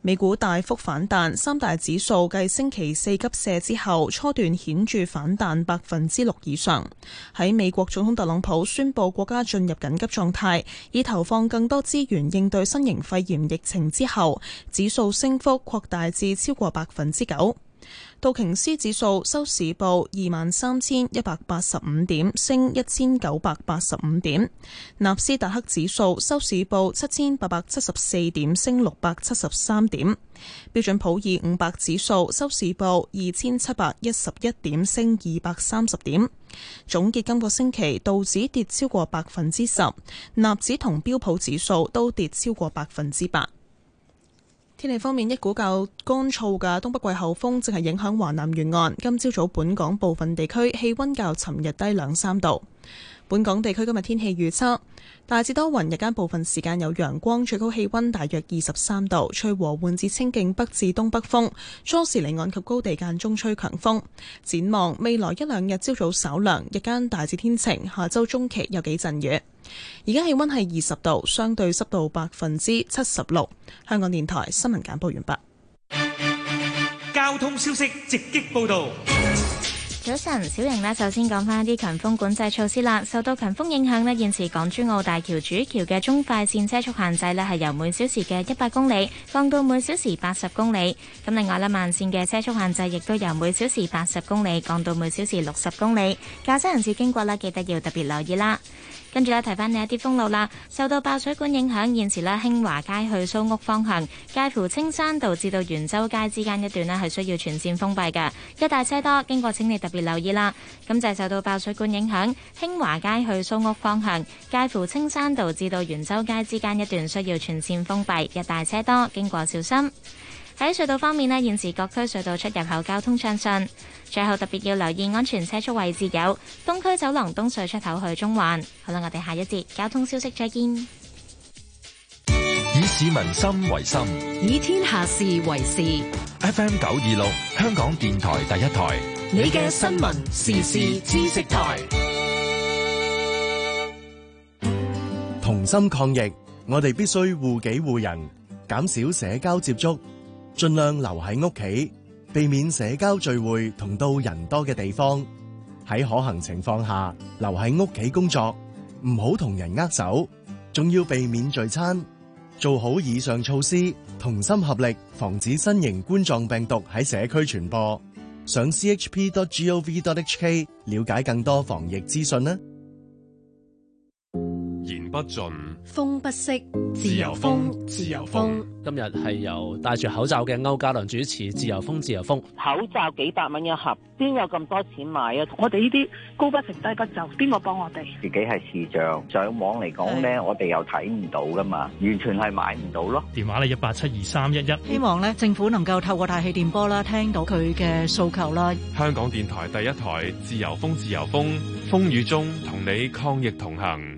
美股大幅反彈，三大指數繼星期四急射之後，初段顯著反彈百分之六以上。喺美國總統特朗普宣布國家進入緊急狀態，以投放更多資源應對新型肺炎疫情之後，指數升幅擴大至超過百分之九。道瓊斯指數收市報二萬三千一百八十五點，升一千九百八十五點；納斯達克指數收市報七千八百七十四點，升六百七十三點；標準普爾五百指數收市報二千七百一十一點，升二百三十點。總結今個星期，道指跌超過百分之十，納指同標普指數都跌超過百分之八。天氣方面，一股較乾燥嘅東北季候風正係影響華南沿岸。今朝早本港部分地區氣温較尋日低兩三度。本港地區今日天氣預測：大致多雲，日間部分時間有陽光，最高氣温大約二十三度，吹和緩至清勁北至東北風，初時離岸及高地間中吹強風。展望未來一兩日，朝早稍涼，日間大致天晴。下周中期有幾陣雨。而家氣温係二十度，相對濕度百分之七十六。香港電台新聞簡報完畢。交通消息直擊報道。早晨，小瑩呢，首先講翻啲強風管制措施啦。受到強風影響呢，現時港珠澳大橋主橋嘅中快線車速限制呢，係由每小時嘅一百公里降到每小時八十公里。咁另外呢，慢線嘅車速限制亦都由每小時八十公里降到每小時六十公里。駕駛人士經過呢，記得要特別留意啦。跟住咧，提翻呢一啲封路啦。受到爆水管影響，現時咧興華街去蘇屋方向介乎青山道至到元州街之間一段呢，係需要全線封閉㗎。一大車多，經過請你特別留意啦。咁就係受到爆水管影響，興華街去蘇屋方向介乎青山道至到元州街之間一段需要全線封閉，一大車多，經過小心。喺隧道方面呢現時各區隧道出入口交通暢順。最後特別要留意安全車速位置自由，有東區走廊東隧出口去中環。好啦，我哋下一節交通消息再見。以市民心為心，以天下事為事。FM 九二六，香港電台第一台。你嘅新聞時事知識台。同心抗疫，我哋必須護己護人，減少社交接觸。盡量留喺屋企，避免社交聚會同到人多嘅地方。喺可行情況下，留喺屋企工作，唔好同人握手，仲要避免聚餐。做好以上措施，同心合力，防止新型冠狀病毒喺社區傳播。上 chp.gov.hk 了解更多防疫資訊啦。言不盡。風不息，自由風，自由風。今日係由戴住口罩嘅歐嘉倫主持，自由風，自由風。口罩幾百蚊一盒，邊有咁多錢買啊？我哋呢啲高不成低不就，邊個幫我哋？自己係視像，上網嚟講呢，嗯、我哋又睇唔到噶嘛，完全係買唔到咯。電話咧一八七二三一一。希望呢政府能夠透過大氣電波啦，聽到佢嘅訴求啦。香港電台第一台，自由風，自由風，風雨中同你抗疫同行。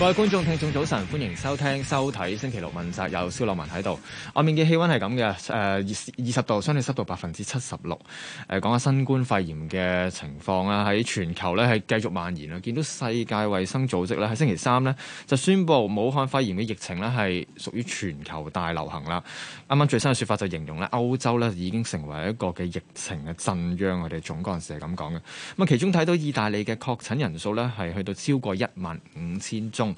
各位觀眾、聽眾，早晨，歡迎收聽、收睇《星期六問責》，有蕭諾文喺度。外面嘅氣温係咁嘅，誒二十度，相對濕度百分之七十六。誒講下新冠肺炎嘅情況啊，喺全球咧係繼續蔓延啊。見到世界衛生組織咧喺星期三呢就宣布，武漢肺炎嘅疫情呢係屬於全球大流行啦。啱啱最新嘅説法就形容咧，歐洲呢已經成為一個嘅疫情嘅震央，我哋總幹事係咁講嘅。咁啊，其中睇到意大利嘅確診人數呢，係去到超過一萬五千宗。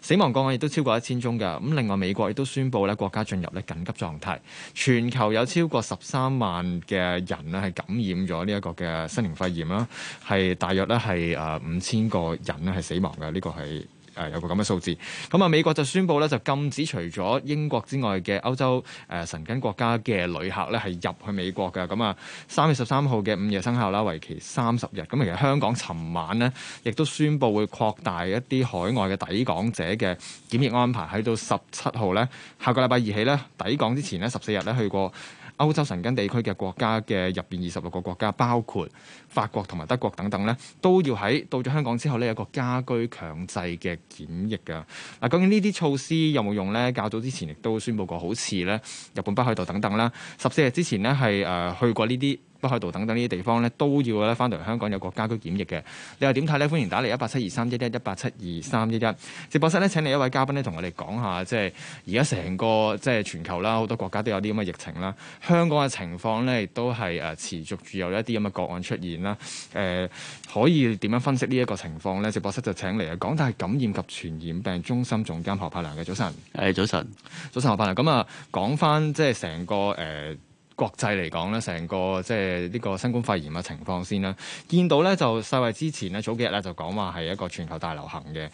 死亡個案亦都超過一千宗㗎，咁另外美國亦都宣布咧國家進入咧緊急狀態，全球有超過十三萬嘅人咧係感染咗呢一個嘅新型肺炎啦，係大約咧係誒五千個人咧係死亡嘅，呢、這個係。誒有個咁嘅數字，咁啊美國就宣布咧就禁止除咗英國之外嘅歐洲申根國家嘅旅客咧係入去美國㗎。咁啊三月十三號嘅午夜生效啦，為期三十日。咁其實香港尋晚咧亦都宣布會擴大一啲海外嘅抵港者嘅檢疫安排，喺到十七號咧，下個禮拜二起咧抵港之前咧十四日咧去過。歐洲神根地區嘅國家嘅入面二十六個國家，包括法國同埋德國等等咧，都要喺到咗香港之後咧，有一個家居強制嘅檢疫㗎。嗱、啊，究竟呢啲措施有冇用咧？較早之前亦都宣佈過，好似咧日本北海道等等啦，十四日之前咧係去過呢啲。北海道等等呢啲地方咧，都要咧翻到嚟香港有家居檢疫嘅。你又點睇咧？歡迎打嚟一八七二三一一一八七二三一一。直播室咧，請嚟一位嘉賓咧，同我哋講下，即係而家成個即係全球啦，好多國家都有啲咁嘅疫情啦。香港嘅情況咧，亦都係誒持續住有一啲咁嘅個案出現啦。誒、呃，可以點樣分析呢一個情況咧？直播室就請嚟啊，港大感染及傳染病中心總監何栢良嘅早晨。誒，早晨，早晨，何栢良。咁啊，講翻即係成個誒。呃國際嚟講咧，成個即係呢個新冠肺炎嘅情況先啦。見到咧就世衛之前咧早幾日咧就講話係一個全球大流行嘅。誒、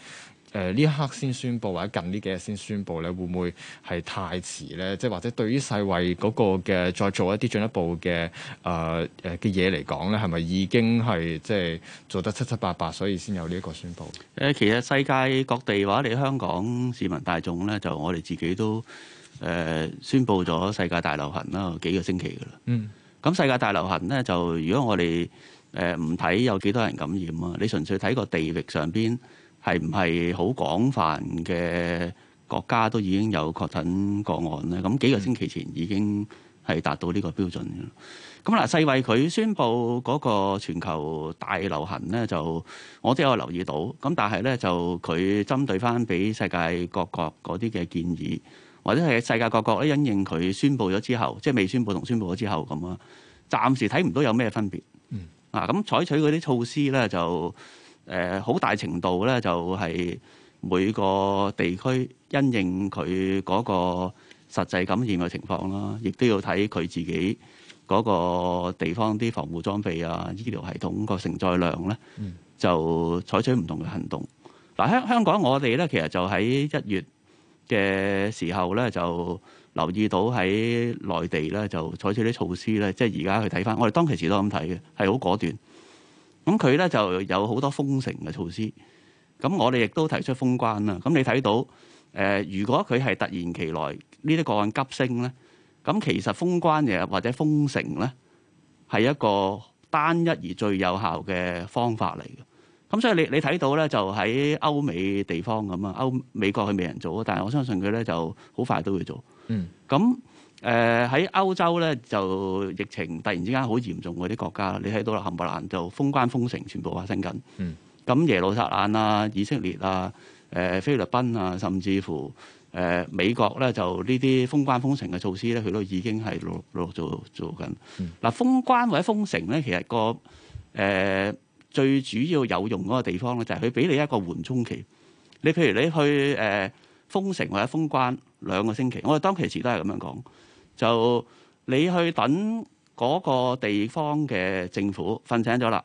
呃、呢一刻先宣布或者近呢幾日先宣布咧，會唔會係太遲咧？即係或者對於世衛嗰個嘅再做一啲進一步嘅誒誒嘅嘢嚟講咧，係咪已經係即係做得七七八八，所以先有呢一個宣布？誒，其實世界各地或者你香港市民大眾咧，就我哋自己都。誒宣布咗世界大流行啦，幾個星期嘅啦。嗯，咁世界大流行咧，就如果我哋誒唔睇有幾多人感染啊，你純粹睇個地域上面，係唔係好廣泛嘅國家都已經有確診個案咧？咁幾個星期前已經係達到呢個標準。咁嗱，嗯、世衛佢宣布嗰個全球大流行咧，就我都有留意到。咁但係咧，就佢針對翻俾世界各國嗰啲嘅建議。或者係世界各國咧，因應佢宣布咗之後，即係未宣布同宣布咗之後咁啊，暫時睇唔到有咩分別。嗯。啊，咁採取嗰啲措施咧，就誒好、呃、大程度咧，就係、係、每個地區因應佢嗰個實際感染嘅情況啦，亦都要睇佢自己嗰個地方啲防護裝備啊、醫療系統個承載量咧，就採取唔同嘅行動。嗱、啊，香香港我哋咧，其實就喺一月。嘅時候咧，就留意到喺內地咧，就採取啲措施咧。即係而家去睇返，我哋當其時都咁睇嘅，係好果斷。咁佢咧就有好多封城嘅措施。咁我哋亦都提出封關啦。咁你睇到，誒、呃，如果佢係突然其來呢啲個案急升咧，咁其實封關嘅或者封城咧，係一個單一而最有效嘅方法嚟嘅。咁所以你你睇到咧，就喺歐美地方咁啊，歐美國佢未人做啊，但係我相信佢咧就好快都會做。嗯。咁誒喺歐洲咧，就疫情突然之間好嚴重嗰啲國家，你睇到啦，冚唪唥就封關封城，全部發生緊。嗯。咁耶路撒冷啊、以色列啊、誒、呃、菲律賓啊，甚至乎誒、呃、美國咧，就呢啲封關封城嘅措施咧，佢都已經係做做緊。嗱、嗯，封關或者封城咧，其實個誒。呃最主要有用嗰個地方咧，就係佢俾你一個緩衝期。你譬如你去誒封城或者封關兩個星期，我哋當其時都係咁樣講，就你去等嗰個地方嘅政府瞓醒咗啦，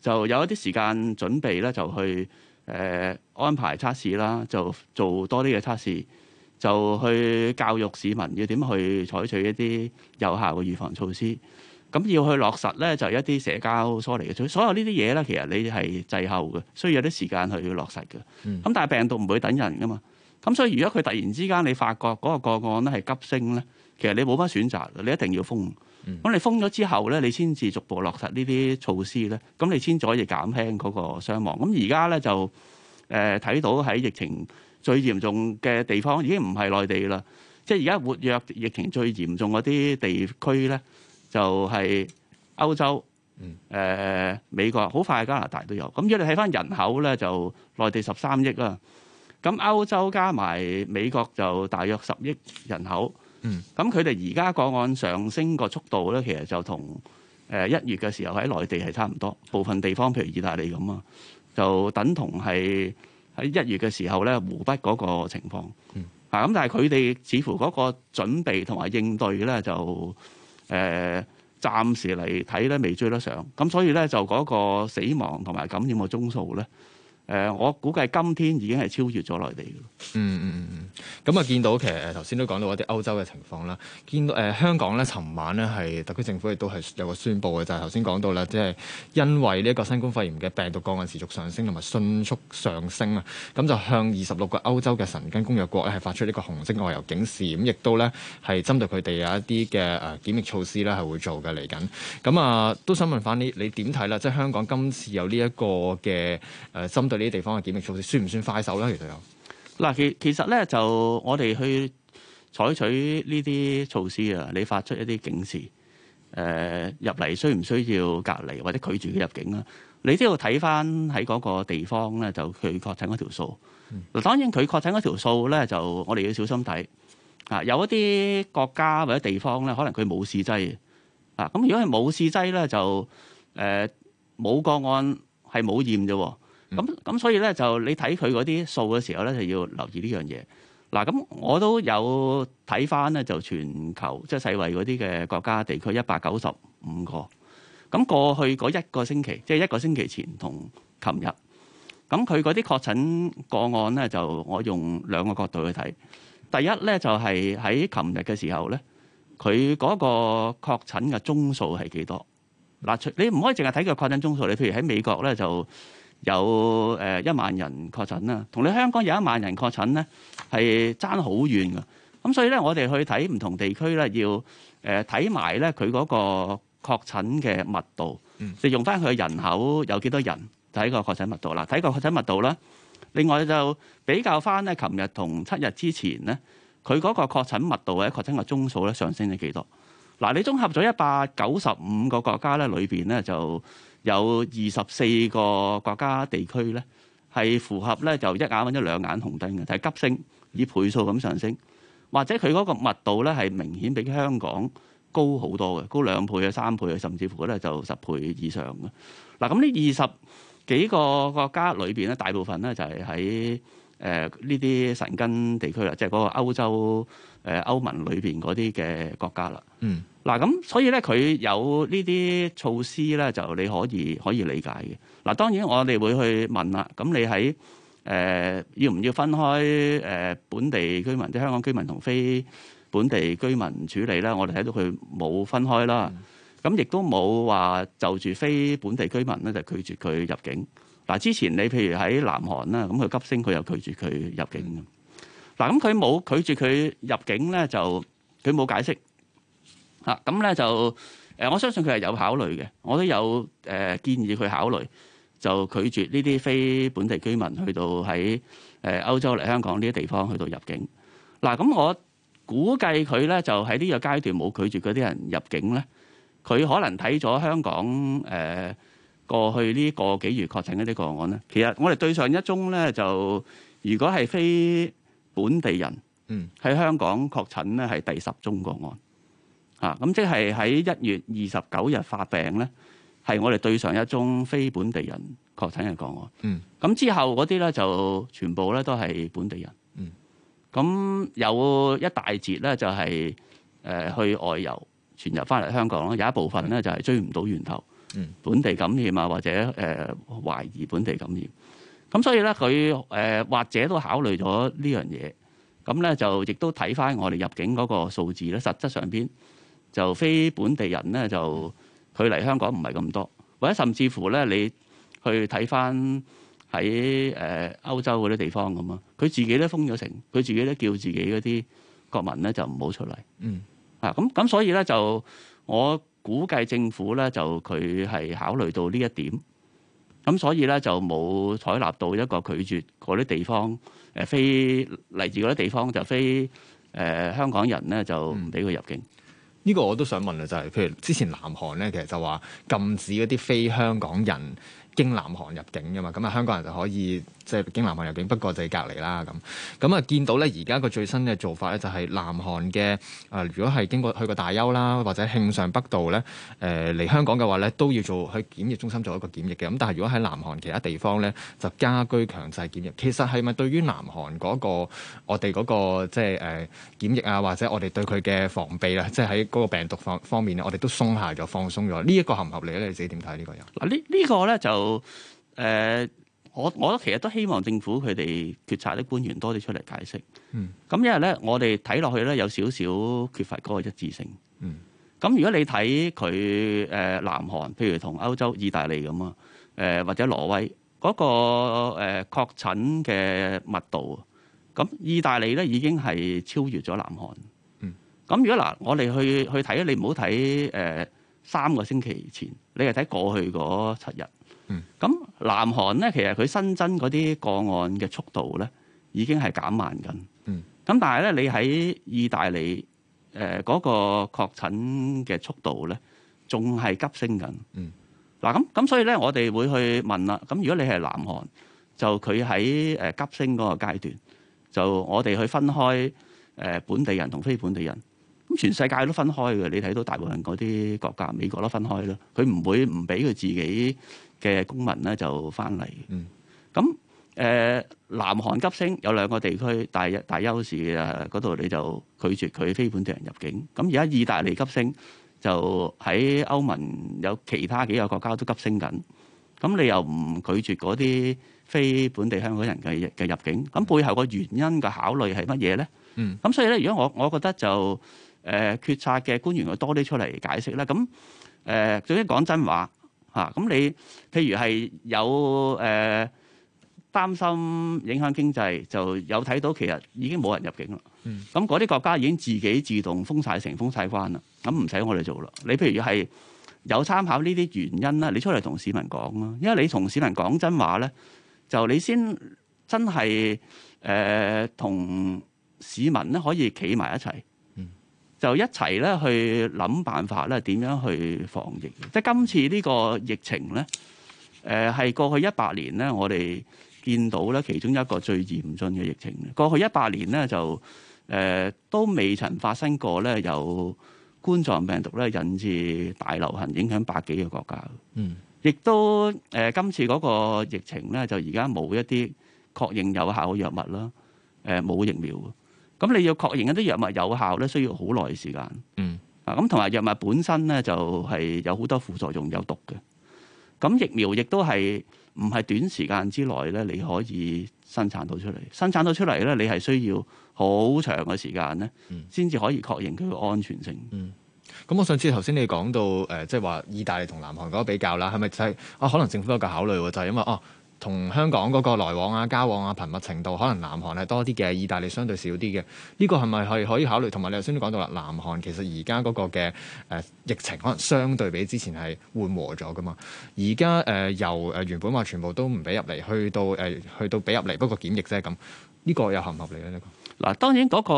就有一啲時間準備咧，就去誒安排測試啦，就做多啲嘅測試，就去教育市民要點去採取一啲有效嘅預防措施。咁要去落實咧，就係、一啲社交疏離嘅。所所有呢啲嘢咧，其實你係滯後嘅，需要有啲時間去落實嘅。咁、嗯、但係病毒唔會等人噶嘛。咁所以如果佢突然之間你發覺嗰個個案咧係急升咧，其實你冇乜選擇，你一定要封。咁、嗯、你封咗之後咧，你先至逐步落實呢啲措施咧，咁你先可以減輕嗰個傷亡。咁而家咧就睇、呃、到喺疫情最嚴重嘅地方已經唔係內地啦，即係而家活躍疫情最嚴重嗰啲地區咧。就係歐洲、誒、呃、美國，好快加拿大都有。咁如果你睇翻人口咧，就內地十三億啦。咁歐洲加埋美國就大約十億人口。咁佢哋而家個案上升個速度咧，其實就同誒一月嘅時候喺內地係差唔多。部分地方譬如意大利咁啊，就等同係喺一月嘅時候咧，湖北嗰個情況。啊，咁但係佢哋似乎嗰個準備同埋應對咧就，誒暫時嚟睇咧，未追得上，咁所以咧就嗰個死亡同埋感染嘅宗數咧。誒、呃，我估計今天已經係超越咗內地。嗯嗯嗯嗯，咁、嗯、啊、嗯嗯，見到其實頭先都講到一啲歐洲嘅情況啦，見誒、呃、香港呢，尋晚呢係特區政府亦都係有個宣佈嘅，就係頭先講到啦，即、就、係、是、因為呢一個新冠肺炎嘅病毒個案持續上升同埋迅速上升啊，咁就向二十六個歐洲嘅神經公約國咧係發出呢個紅色外遊警示，咁亦都呢係針對佢哋有一啲嘅誒檢疫措施呢係會做嘅嚟緊。咁啊，都想問翻你，你點睇啦？即係香港今次有呢、這、一個嘅誒、呃對呢啲地方嘅檢疫措施算唔算快手咧？其實有嗱，其其實咧就我哋去採取呢啲措施啊，你發出一啲警示，誒入嚟需唔需要隔離或者拒絕佢入境啊？你都要睇翻喺嗰個地方咧，就佢確診嗰條數。當然佢確診嗰條數咧，就我哋要小心睇啊。有一啲國家或者地方咧，可能佢冇試劑啊。咁如果係冇試劑咧，就誒冇、呃、個案係冇驗啫。咁咁，所以咧就你睇佢嗰啲數嘅時候咧，就要留意呢樣嘢嗱。咁我都有睇翻咧，就全球即係世衛嗰啲嘅國家地區一百九十五個，咁過去嗰一個星期，即係一個星期前同琴日，咁佢嗰啲確診個案咧，就我用兩個角度去睇。第一咧就係喺琴日嘅時候咧，佢嗰個確診嘅宗數係幾多嗱？你唔可以淨係睇佢確診宗數，你譬如喺美國咧就。1> 有誒一萬人確診啦，同你香港有一萬人確診咧，係爭好遠噶。咁所以咧，我哋去睇唔同地區咧，要誒睇埋咧佢嗰個確診嘅密度，就用翻佢人口有幾多少人睇個確診密度啦。睇個確診密度咧，另外就比較翻咧，琴日同七日之前咧，佢嗰個確診密度或者確診嘅宗數咧上升咗幾多？嗱，你綜合咗一百九十五個國家咧，裏邊咧就。有二十四個國家地區咧，係符合咧就一眼揾咗兩眼紅燈嘅，就係急升，以倍數咁上升，或者佢嗰個密度咧係明顯比香港高好多嘅，高兩倍啊、三倍啊，甚至乎咧就十倍以上嘅。嗱，咁呢二十幾個國家裏邊咧，大部分咧就係喺誒呢啲神根地區啦，即係嗰個歐洲誒歐盟裏邊嗰啲嘅國家啦。嗯。嗱咁，所以咧佢有呢啲措施咧，就你可以可以理解嘅。嗱，當然我哋會去問啦。咁你喺誒、呃、要唔要分開誒、呃、本地居民、即香港居民同非本地居民處理咧？我哋睇到佢冇分開啦，咁亦都冇話就住非本地居民咧就拒絕佢入境。嗱，之前你譬如喺南韓啦，咁佢急升，佢又拒絕佢入境。嗱，咁佢冇拒絕佢入境咧，就佢冇解釋。嚇，咁咧就誒，我相信佢係有考慮嘅。我都有誒、呃、建議佢考慮就拒絕呢啲非本地居民去到喺誒、呃、歐洲嚟香港呢啲地方去到入境。嗱、啊、咁我估計佢咧就喺呢個階段冇拒絕嗰啲人入境咧，佢可能睇咗香港誒、呃、過去呢、這個幾月確診嗰啲個案咧。其實我哋對上一宗咧就如果係非本地人，嗯，喺香港確診咧係第十宗個案。啊，咁即係喺一月二十九日發病咧，係我哋對上一宗非本地人確診嘅個案。嗯，咁之後嗰啲咧就全部咧都係本地人。嗯，咁有一大截咧就係、是、誒、呃、去外遊傳入翻嚟香港啦，有一部分咧就係、是、追唔到源頭。本地感染啊，或者誒、呃、懷疑本地感染。咁所以咧佢誒或者都考慮咗呢樣嘢。咁咧就亦都睇翻我哋入境嗰個數字咧，實質上邊，就非本地人咧，就佢嚟香港唔係咁多，或者甚至乎咧，你去睇翻喺誒歐洲嗰啲地方咁啊，佢自己咧封咗城，佢自己咧叫自己嗰啲國民咧就唔好出嚟，嗯啊，咁咁所以咧就我估計政府咧就佢係考慮到呢一點，咁所以咧就冇採納到一個拒絕嗰啲地方誒，非嚟自嗰啲地方就非誒、呃、香港人咧就唔俾佢入境。嗯呢個我都想問嘞，就係譬如之前南韓咧，其實就話禁止嗰啲非香港人經南韓入境㗎嘛，咁啊香港人就可以。即係北京、南韓入境，不過就係隔離啦咁。咁啊，見到咧，而家個最新嘅做法咧，就係南韓嘅啊、呃，如果係經過去過大邱啦，或者慶尚北道咧，誒、呃、嚟香港嘅話咧，都要做去檢疫中心做一個檢疫嘅。咁但係如果喺南韓其他地方咧，就家居強制檢疫。其實係咪對於南韓嗰、那個我哋嗰、那個即係誒檢疫啊，或者我哋對佢嘅防備啊，即係喺嗰個病毒方方面，我哋都鬆懈咗，放鬆咗呢一個合唔合理咧？你自己點睇呢個人？嗱、啊，這個、呢呢個咧就誒。呃我我其實都希望政府佢哋決策啲，官員多啲出嚟解釋，咁、嗯、因為咧我哋睇落去咧有少少缺乏嗰個一致性。咁、嗯、如果你睇佢誒南韓，譬如同歐洲、意大利咁啊，誒或者挪威嗰個誒確診嘅密度，咁意大利咧已經係超越咗南韓。咁、嗯、如果嗱，我哋去去睇，你唔好睇誒三個星期前，你係睇過去嗰七日。咁、嗯、南韓咧，其實佢新增嗰啲個案嘅速度咧，已經係減慢緊。咁、嗯、但係咧，你喺意大利誒嗰、呃、那個確診嘅速度咧，仲係急升緊。嗱咁咁，所以咧我哋會去問啦。咁如果你係南韓，就佢喺誒急升嗰個階段，就我哋去分開誒、呃、本地人同非本地人。全世界都分開嘅，你睇到大部分嗰啲國家，美國都分開啦。佢唔會唔俾佢自己嘅公民咧就翻嚟。嗯。咁誒，南韓急升有兩個地區大大優勢呀嗰度，你就拒絕佢非本地人入境。咁而家意大利急升，就喺歐盟有其他幾個國家都急升緊。咁你又唔拒絕嗰啲非本地香港人嘅嘅入境？咁背後個原因嘅考慮係乜嘢咧？嗯。咁所以咧，如果我我覺得就。誒、呃、決策嘅官員，會多啲出嚟解釋啦。咁誒、呃，總之講真話嚇。咁、啊、你譬如係有誒、呃、擔心影響經濟，就有睇到其實已經冇人入境啦。咁嗰啲國家已經自己自動封晒城、封晒關啦。咁唔使我哋做咯。你譬如係有參考呢啲原因啦，你出嚟同市民講啦，因為你同市民講真話咧，就你先真係誒同市民咧可以企埋一齊。就一齊咧去諗辦法咧，點樣去防疫？即係今次呢個疫情咧，誒、呃、係過去一百年咧，我哋見到咧其中一個最嚴峻嘅疫情。過去一百年咧，就、呃、誒都未曾發生過咧，有冠狀病毒咧引致大流行，影響百幾個國家。嗯，亦都誒、呃、今次嗰個疫情咧，就而家冇一啲確認有效嘅藥物啦，誒、呃、冇疫苗。咁你要確認一啲藥物有效咧，需要好耐時間。嗯，啊，咁同埋藥物本身咧，就係有好多副作用有毒嘅。咁疫苗亦都係唔係短時間之內咧，你可以生產到出嚟。生產到出嚟咧，你係需要好長嘅時間咧，先至可以確認佢嘅安全性。嗯，咁我上次頭先你講到誒，即係話意大利同南韓嗰個比較啦，係咪就係啊？可能政府都有個考慮嘅，就係因為哦。啊同香港嗰個來往啊、交往啊、頻密程度，可能南韓係多啲嘅，意大利相對少啲嘅。呢個係咪係可以考慮？同埋你頭先都講到啦，南韓其實而家嗰個嘅誒疫情可能相對比之前係緩和咗噶嘛。而家誒由誒原本話全部都唔俾入嚟，去到誒去到俾入嚟，不過檢疫啫咁。呢個又合唔合理咧？呢個嗱，當然嗰個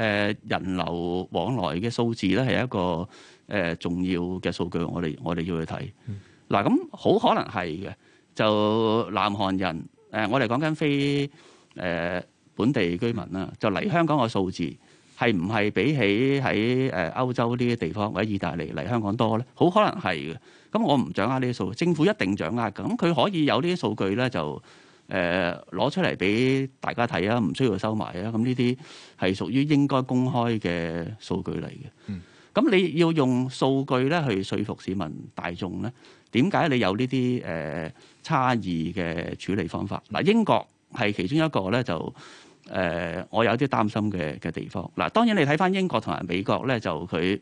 誒人流往來嘅數字咧係一個誒重要嘅數據，我哋我哋要去睇。嗱咁好可能係嘅。就南韓人，我哋講緊非、呃、本地居民啦，就嚟香港嘅數字係唔係比起喺誒歐洲呢啲地方或者意大利嚟香港多咧？好可能係嘅。咁我唔掌握呢啲數據，政府一定掌握。咁佢可以有呢啲數據咧，就、呃、攞出嚟俾大家睇啊，唔需要收埋啊。咁呢啲係屬於應該公開嘅數據嚟嘅。嗯。咁你要用數據咧去說服市民大眾咧，點解你有呢啲、呃差異嘅處理方法嗱，英國係其中一個咧，就誒，我有啲擔心嘅嘅地方。嗱，當然你睇返英國同埋美國咧，就佢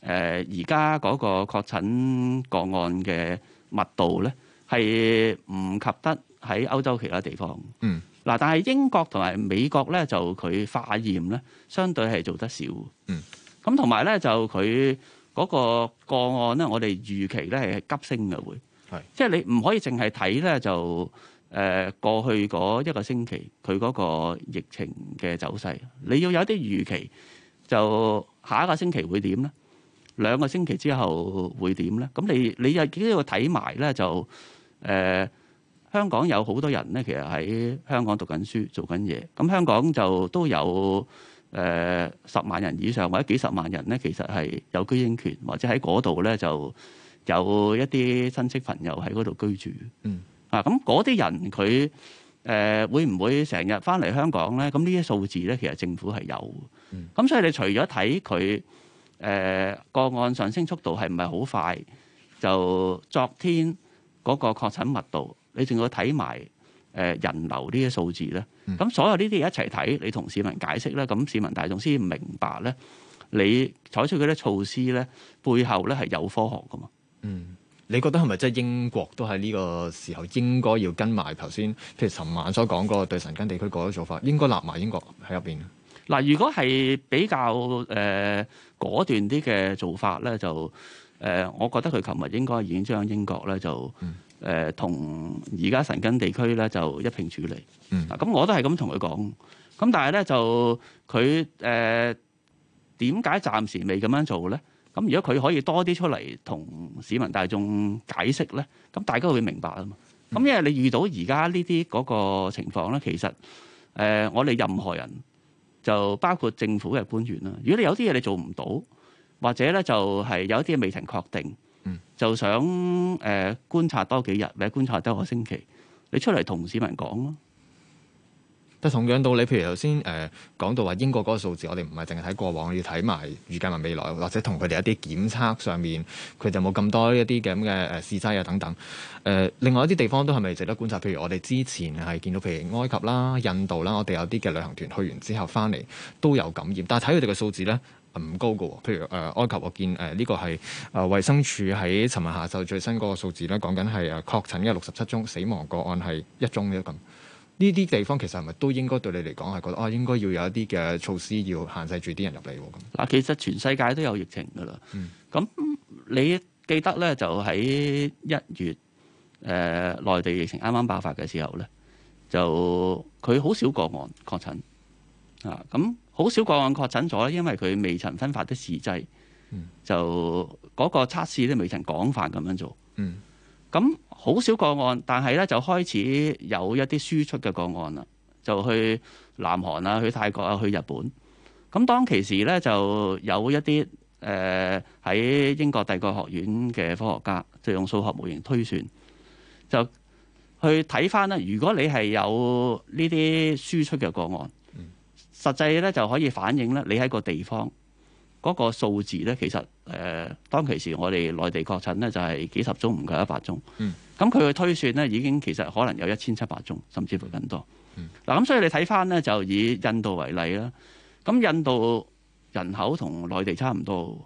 誒而家嗰個確診個案嘅密度咧，係唔及得喺歐洲其他地方。嗯，嗱，但係英國同埋美國咧，就佢化驗咧，相對係做得少。嗯，咁同埋咧，就佢嗰個個案咧，我哋預期咧係急升嘅會。是即係你唔可以淨係睇咧就誒、呃、過去嗰一個星期佢嗰個疫情嘅走勢，你要有啲預期，就下一個星期會點咧？兩個星期之後會點咧？咁你你又都要睇埋咧就誒、呃、香港有好多人咧，其實喺香港讀緊書、做緊嘢，咁香港就都有誒、呃、十萬人以上或者幾十萬人咧，其實係有居英權或者喺嗰度咧就。有一啲親戚朋友喺嗰度居住，啊，咁嗰啲人佢誒會唔會成日翻嚟香港咧？咁呢啲數字咧，其實政府係有，咁所以你除咗睇佢誒個案上升速度係唔係好快，就昨天嗰個確診密度，你仲要睇埋誒人流呢啲數字咧。咁所有呢啲嘢一齊睇，你同市民解釋咧，咁市民大眾先明白咧，你採取嗰啲措施咧，背後咧係有科學㗎嘛。嗯，你覺得係咪真係英國都喺呢個時候應該要跟埋頭先？譬如尋晚所講過對申根地區嗰種做法，應該立埋英國喺入邊。嗱，如果係比較誒、呃、果斷啲嘅做法咧，就誒、呃，我覺得佢琴日應該已經將英國咧就誒同而家申根地區咧就一並處理。嗯，咁、啊、我都係咁同佢講。咁但係咧就佢誒點解暫時未咁樣做咧？咁如果佢可以多啲出嚟同市民大眾解釋咧，咁大家會明白啊嘛。咁因為你遇到而家呢啲嗰個情況咧，其實誒我哋任何人就包括政府嘅官員啦。如果你有啲嘢你做唔到，或者咧就係有啲嘢未曾確定，就想誒觀察多幾日或者觀察多個星期，你出嚟同市民講咯。同樣道理，譬如頭先誒講到話英國嗰個數字，我哋唔係淨係睇過往，要睇埋預計埋未來，或者同佢哋一啲檢測上面佢就冇咁多一啲咁嘅誒試劑啊等等。誒、呃、另外一啲地方都係咪值得觀察？譬如我哋之前係見到，譬如埃及啦、印度啦，我哋有啲嘅旅行團去完之後翻嚟都有感染，但睇佢哋嘅數字咧唔高嘅、哦。譬如誒、呃、埃及，我見呢、呃這個係誒衞生署喺尋日下晝最新嗰個數字咧，講緊係確診嘅六十七宗，死亡個案係一宗咁。呢啲地方其實係咪都應該對你嚟講係覺得啊、哦，應該要有一啲嘅措施要限制住啲人入嚟咁？嗱，其實全世界都有疫情㗎啦。咁、嗯、你記得咧，就喺一月誒、呃、內地疫情啱啱爆發嘅時候咧，就佢好少個案確診啊，咁好少個案確診咗，因為佢未曾分發啲試劑，嗯、就嗰、嗰個測試咧未曾廣泛咁樣做，嗯，咁。好少個案，但係咧就開始有一啲輸出嘅個案啦，就去南韓啊、去泰國啊、去日本。咁當其時咧就有一啲誒喺英國帝國學院嘅科學家即係用數學模型推算，就去睇翻咧。如果你係有呢啲輸出嘅個案，實際咧就可以反映咧，你喺個地方嗰、那個數字咧其實誒、呃、當其時我哋內地確診咧就係幾十宗唔夠一百宗。嗯。咁佢嘅推算咧，已經其實可能有一千七百宗，甚至乎更多。嗱、mm，咁、hmm. 所以你睇翻咧，就以印度為例啦。咁印度人口同內地差唔多，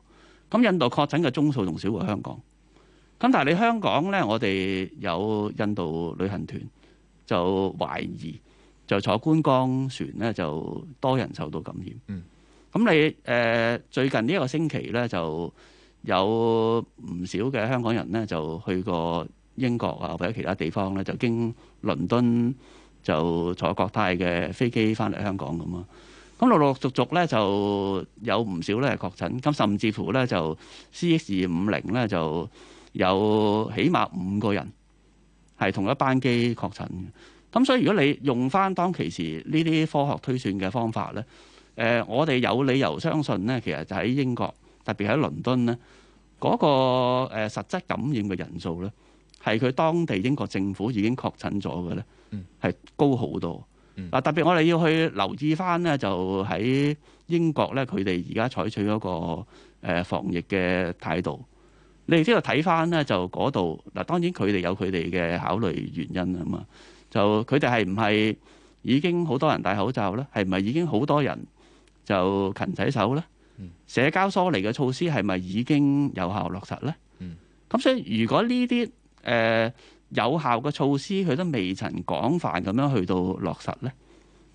咁印度確診嘅宗數仲少過香港。咁但係你香港咧，我哋有印度旅行團就懷疑，就坐觀光船咧，就多人受到感染。咁、mm hmm. 你誒、呃、最近呢一個星期咧，就有唔少嘅香港人咧，就去過。英國啊，或者其他地方咧，就經倫敦就坐國泰嘅飛機翻嚟香港咁啊。咁陸陸續續咧，就有唔少咧係確診咁，甚至乎咧就 CX 二五零咧就有起碼五個人係同一班機確診嘅。咁所以如果你用翻當其時呢啲科學推算嘅方法咧，誒，我哋有理由相信咧，其實就喺英國特別喺倫敦咧嗰個誒實質感染嘅人數咧。係佢當地英國政府已經確診咗嘅咧，係、嗯、高好多嗱。嗯、特別我哋要去留意翻咧，就喺英國咧，佢哋而家採取嗰個誒防疫嘅態度。你哋知道睇翻咧，就嗰度嗱，當然佢哋有佢哋嘅考慮原因啊嘛。就佢哋係唔係已經好多人戴口罩咧？係咪已經好多人就勤洗手咧？嗯、社交疏離嘅措施係咪已經有效落實咧？咁、嗯、所以如果呢啲誒、呃、有效嘅措施，佢都未曾廣泛咁樣去到落實呢。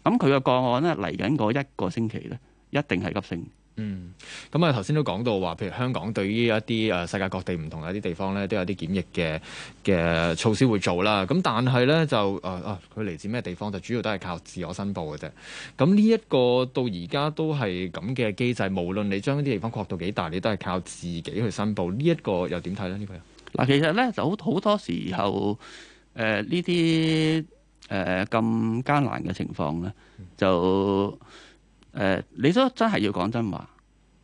咁佢嘅個案呢，嚟緊嗰一個星期呢，一定係急性。嗯，咁啊頭先都講到話，譬如香港對於一啲世界各地唔同嘅一啲地方呢，都有啲檢疫嘅嘅措施會做啦。咁但係呢，就啊，佢、呃、嚟自咩地方？就主要都係靠自我申報嘅啫。咁呢一個到而家都係咁嘅機制，無論你將呢啲地方擴到幾大，你都係靠自己去申報。呢、這、一個又點睇呢？個嗱，其實咧就好好多時候，誒呢啲誒咁艱難嘅情況咧，就誒你都真係要講真話，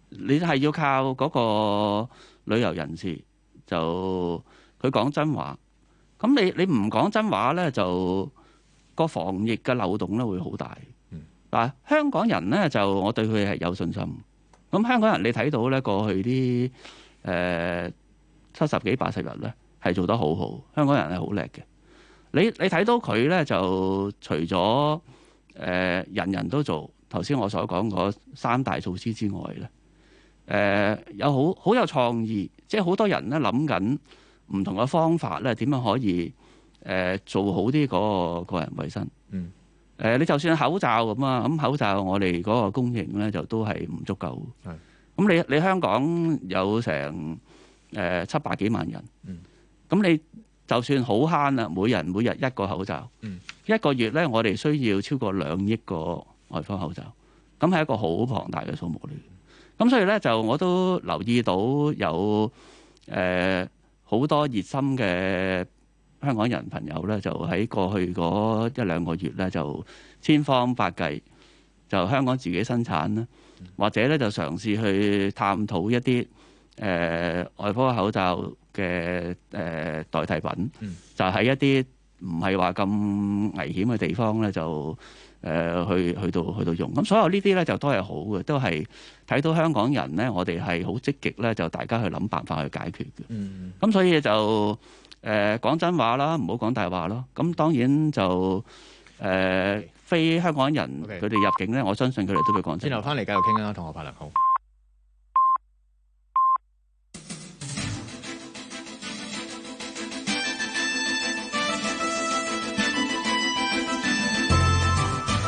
你係要靠嗰個旅遊人士，就佢講真話。咁你你唔講真話咧，就個防疫嘅漏洞咧會好大。嗱，香港人咧就我對佢係有信心。咁香港人你睇到咧過去啲誒七十幾八十日咧，係做得好好，香港人係好叻嘅。你你睇到佢咧，就除咗誒、呃、人人都做頭先我所講嗰三大措施之外咧，誒、呃、有好好有創意，即係好多人咧諗緊唔同嘅方法咧，點樣可以誒、呃、做好啲嗰個個人衞生。嗯誒、呃，你就算口罩咁啊，咁口罩我哋嗰個供應咧就都係唔足夠。咁是的，你你香港有成。誒七百幾萬人，咁你就算好慳啦，每人每日一個口罩，嗯、一個月咧，我哋需要超過兩億個外科口罩，咁係一個好龐大嘅數目嚟。咁所以咧，就我都留意到有誒好、呃、多熱心嘅香港人朋友咧，就喺過去嗰一兩個月咧，就千方百計就香港自己生產啦，或者咧就嘗試去探討一啲。誒、呃、外科口罩嘅誒、呃、代替品，嗯、就喺一啲唔係話咁危險嘅地方咧，就誒、呃、去去到去到用。咁所有這些呢啲咧就都係好嘅，都係睇到香港人咧，我哋係好積極咧，就大家去諗辦法去解決嘅。咁、嗯嗯、所以就誒講、呃、真話啦，唔好講大話咯。咁當然就誒、呃、Okay. 非香港人佢哋 Okay. 入境咧，我相信佢哋都會講真。然後翻嚟繼續傾啦，同學栢良好。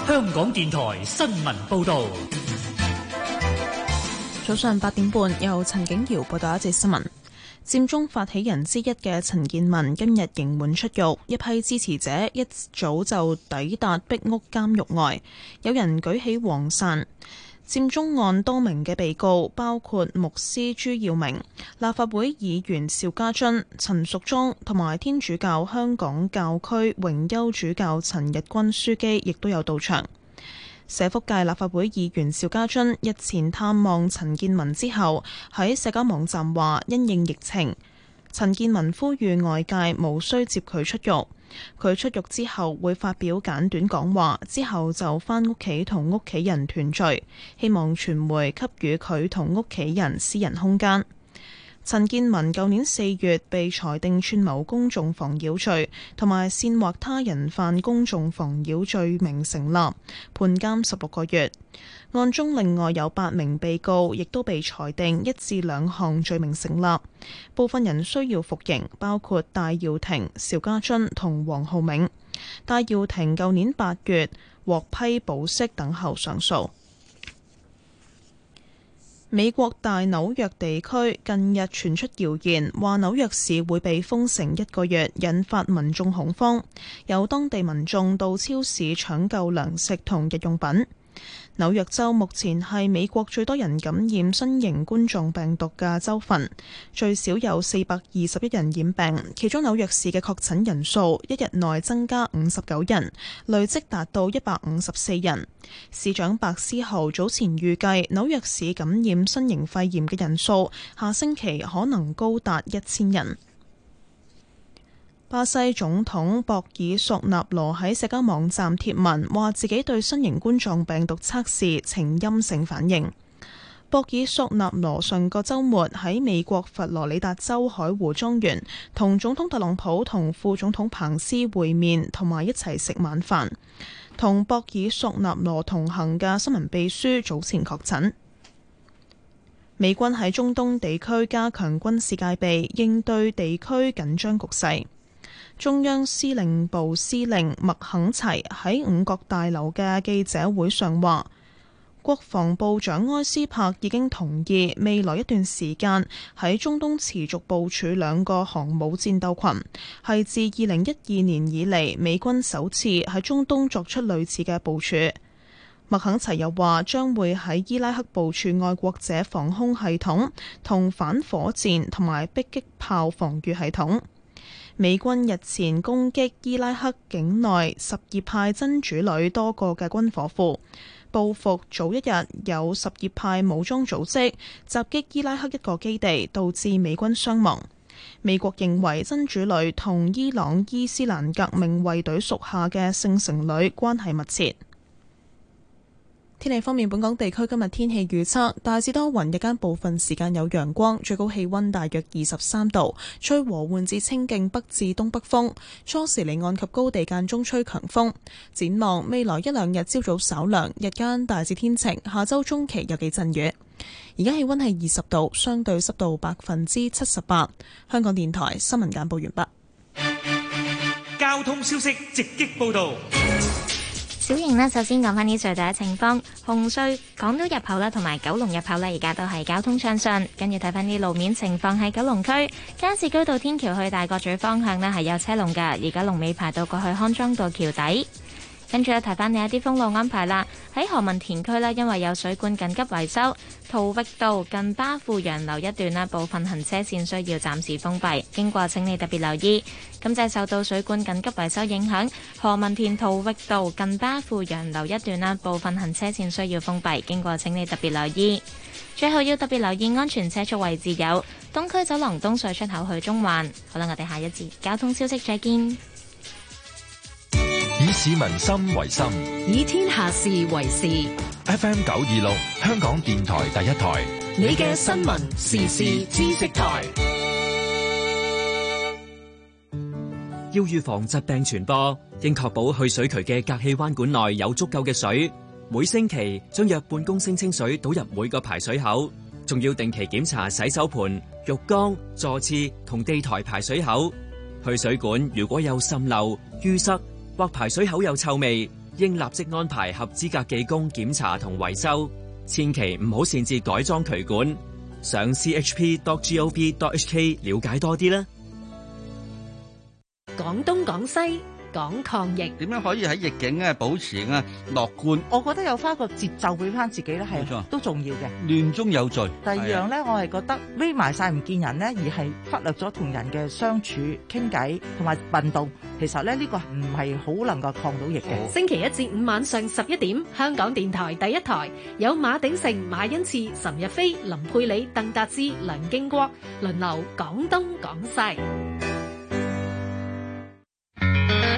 香港電台新聞報道，早上八點半，由陳景堯報道一則新聞。佔中發起人之一嘅陳建文今日刑滿出獄，一批支持者一早就抵達壁屋監獄外，有人舉起黃傘。佔中案多名嘅被告，包括牧師朱耀明、立法會議員邵家臻、陳淑莊，同埋天主教香港教區榮休主教陳日君樞機，亦都有到場。社福界立法會議員邵家臻日前探望陳建文之後，喺社交網站話：因應疫情，陳建文呼籲外界無需接佢出獄。佢出獄之後會發表簡短講話，之後就返屋企同屋企人團聚，希望傳媒給予佢同屋企人私人空間。陳建文舊年四月被裁定串謀公眾妨擾罪，同埋煽惑他人犯公眾妨擾罪名成立，判監十六個月。案中另外有八名被告，亦都被裁定一至兩項罪名成立，部分人需要服刑，包括戴耀廷、邵家臻同黃浩銘。戴耀廷舊年八月獲批保釋，等候上訴。美國大紐約地區近日傳出謠言，話紐約市會被封城一個月，引發民眾恐慌，有當地民眾到超市搶購糧食同日用品。紐約州目前係美國最多人感染新型冠狀病毒嘅州份，最少有四百二十一人染病，其中紐約市嘅確診人數一日內增加五十九人，累積達到一百五十四人。市長白思豪早前預計紐約市感染新型肺炎嘅人數下星期可能高達一千人。巴西總統博爾索納羅喺社交網站貼文，話自己對新型冠狀病毒測試呈陰性反應。博爾索納羅上個周末喺美國佛羅里達州海湖莊園同總統特朗普同副總統彭斯會面，同埋一齊食晚飯。同博爾索納羅同行嘅新聞秘書早前確診。美軍喺中東地區加強軍事戒備，應對地區緊張局勢。中央司令部司令麥肯齊喺五角大樓嘅記者會上話，國防部長埃斯珀已經同意未來一段時間喺中東持續部署兩個航母戰鬥群，係自二零一二年以嚟美軍首次喺中東作出類似嘅部署。麥肯齊又話將會喺伊拉克部署愛國者防空系統同反火箭同埋迫擊炮防御系統。美軍日前攻擊伊拉克境內什葉派真主旅多個嘅軍火庫，報復早一日有什葉派武裝組織襲擊伊拉克一個基地，導致美軍傷亡。美國認為真主旅同伊朗伊斯蘭革命衛隊屬下嘅聖城旅關係密切。天氣方面，本港地區今日天氣預測大致多雲，日間部分時間有陽光，最高氣溫大約二十三度，吹和緩至清勁北至東北風，初時離岸及高地間中吹強風。展望未來一兩日，朝早稍涼，日間大致天晴，下周中期有幾陣雨。而家氣溫係二十度，相對濕度百分之七十八。香港電台新聞簡報完畢。交通消息直擊報道。小型呢，首先講翻啲隧道嘅情況，紅隧港島入口啦，同埋九龍入口呢，而家都係交通暢順。跟住睇翻啲路面情況，喺九龍區加士居道天橋去大角咀方向呢，係有車龍噶，而家龍尾排到過去康莊道橋底。跟住又提翻你一啲封路安排啦。喺何文田區呢，因為有水管緊急維修，土域道近巴富洋樓一段啦，部分行車線需要暫時封閉，經過請你特別留意。就係受到水管緊急維修影響，何文田土域道近巴富洋樓一段啦，部分行車線需要封閉，經過請你特別留意。最後要特別留意安全車速位置，有東區走廊東隧出口去中環。好啦，我哋下一節交通消息再見。市民心為心，以天下事為事。F M 九二六，香港電台第一台，你嘅新聞時事知識台。要預防疾病傳播，應確保去水渠嘅隔氣彎管內有足夠嘅水。每星期將約半公升清水倒入每個排水口，仲要定期檢查洗手盆、浴缸、坐廁同地台排水口。去水管如果有滲漏、淤塞，或排水口有臭味，應立即安排合資格技工檢查同維修，千祈唔好擅自改裝渠管。上 chp.gov.hk 了解多啲啦。廣東廣西。講抗疫點樣可以喺逆境咧保持咧樂觀？我覺得有翻個節奏俾翻自己咧，係冇錯，都重要嘅。亂中有序。第二樣咧，我係覺得匿埋曬唔見人咧，而係忽略咗同人嘅相處、傾偈同埋運動。其實咧，呢個唔係好能夠抗到疫嘅。星期一至五晚上十一點，香港電台第一台有馬鼎盛、馬恩賜、岑逸飛、林沛理、鄧達智、梁經國輪流講東講西。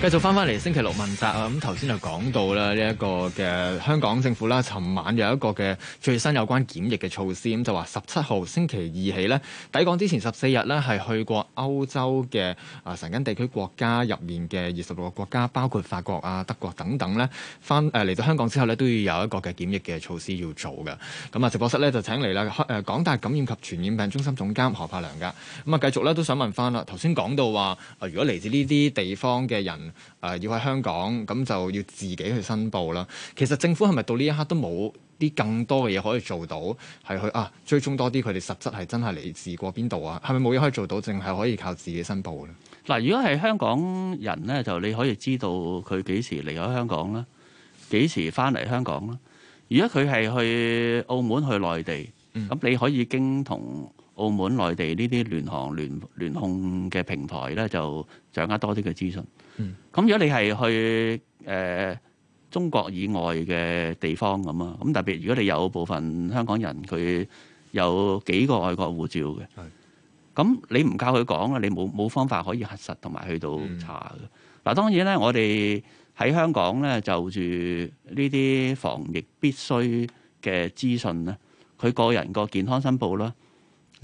繼續翻翻嚟星期六問責啊！咁頭先就講到啦，呢一個嘅香港政府啦，尋晚有一個嘅最新有關檢疫嘅措施，咁就話十七號星期二起呢，抵港之前十四日呢，係去過歐洲嘅啊神根地區國家入面嘅二十六個國家，包括法國啊、德國等等呢翻嚟到香港之後呢，都要有一個嘅檢疫嘅措施要做嘅。咁啊，直播室呢，就請嚟啦，港大感染及傳染病中心總監何栢良噶。咁啊，繼續呢，都想問翻啦，頭先講到話如果嚟自呢啲地方嘅人，誒、呃，要喺香港咁就要自己去申報啦。其實政府係咪到呢一刻都冇啲更多嘅嘢可以做到？係去啊，追蹤多啲佢哋實質係真係嚟自過邊度啊？係咪冇嘢可以做到？淨係可以靠自己申報咧？嗱，如果係香港人咧，就你可以知道佢幾時離開香港啦，幾時翻嚟香港啦。如果佢係去澳門、去內地，咁、嗯、你可以經同。澳門、內地呢啲聯航聯聯控嘅平台咧，就掌握多啲嘅資訊。咁、嗯、如果你係去誒、呃、中國以外嘅地方咁啊，咁特別如果你有部分香港人佢有幾個外國護照嘅，咁是你唔靠佢講啦，你冇冇方法可以核實同埋去到查嘅嗱。嗯、當然咧，我哋喺香港咧就住呢啲防疫必須嘅資訊咧，佢個人個健康申報啦。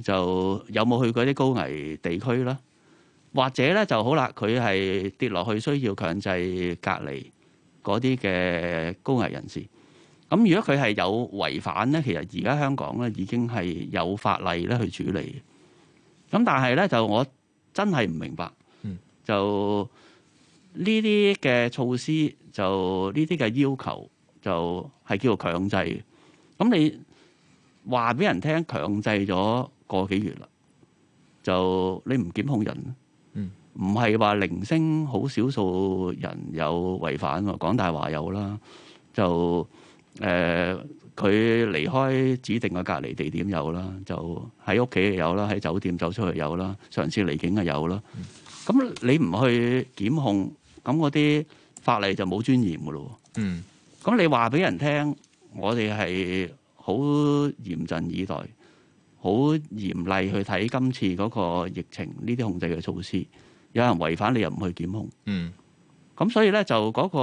就有冇去過啲高危地區啦，或者咧就好啦。佢係跌落去需要強制隔離嗰啲嘅高危人士。咁如果佢係有違反咧，其實而家香港咧已經係有法例咧去處理。咁但係咧就我真係唔明白，就呢啲嘅措施就呢啲嘅要求就係叫做強制。咁你話俾人聽強制咗？個幾月啦，就你唔檢控人，嗯，唔係話零星好少數人有違反，講大話有啦，就誒佢離開指定嘅隔離地點有啦，就喺屋企有啦，喺酒店走出去有啦，上次離境嘅有啦，咁你唔去檢控，咁嗰啲法例就冇尊嚴噶咯，嗯，咁你話俾人聽，我哋係好嚴陣以待。好嚴厲去睇今次嗰個疫情呢啲控制嘅措施，有人違反你又唔去檢控，嗯，咁所以咧就嗰個、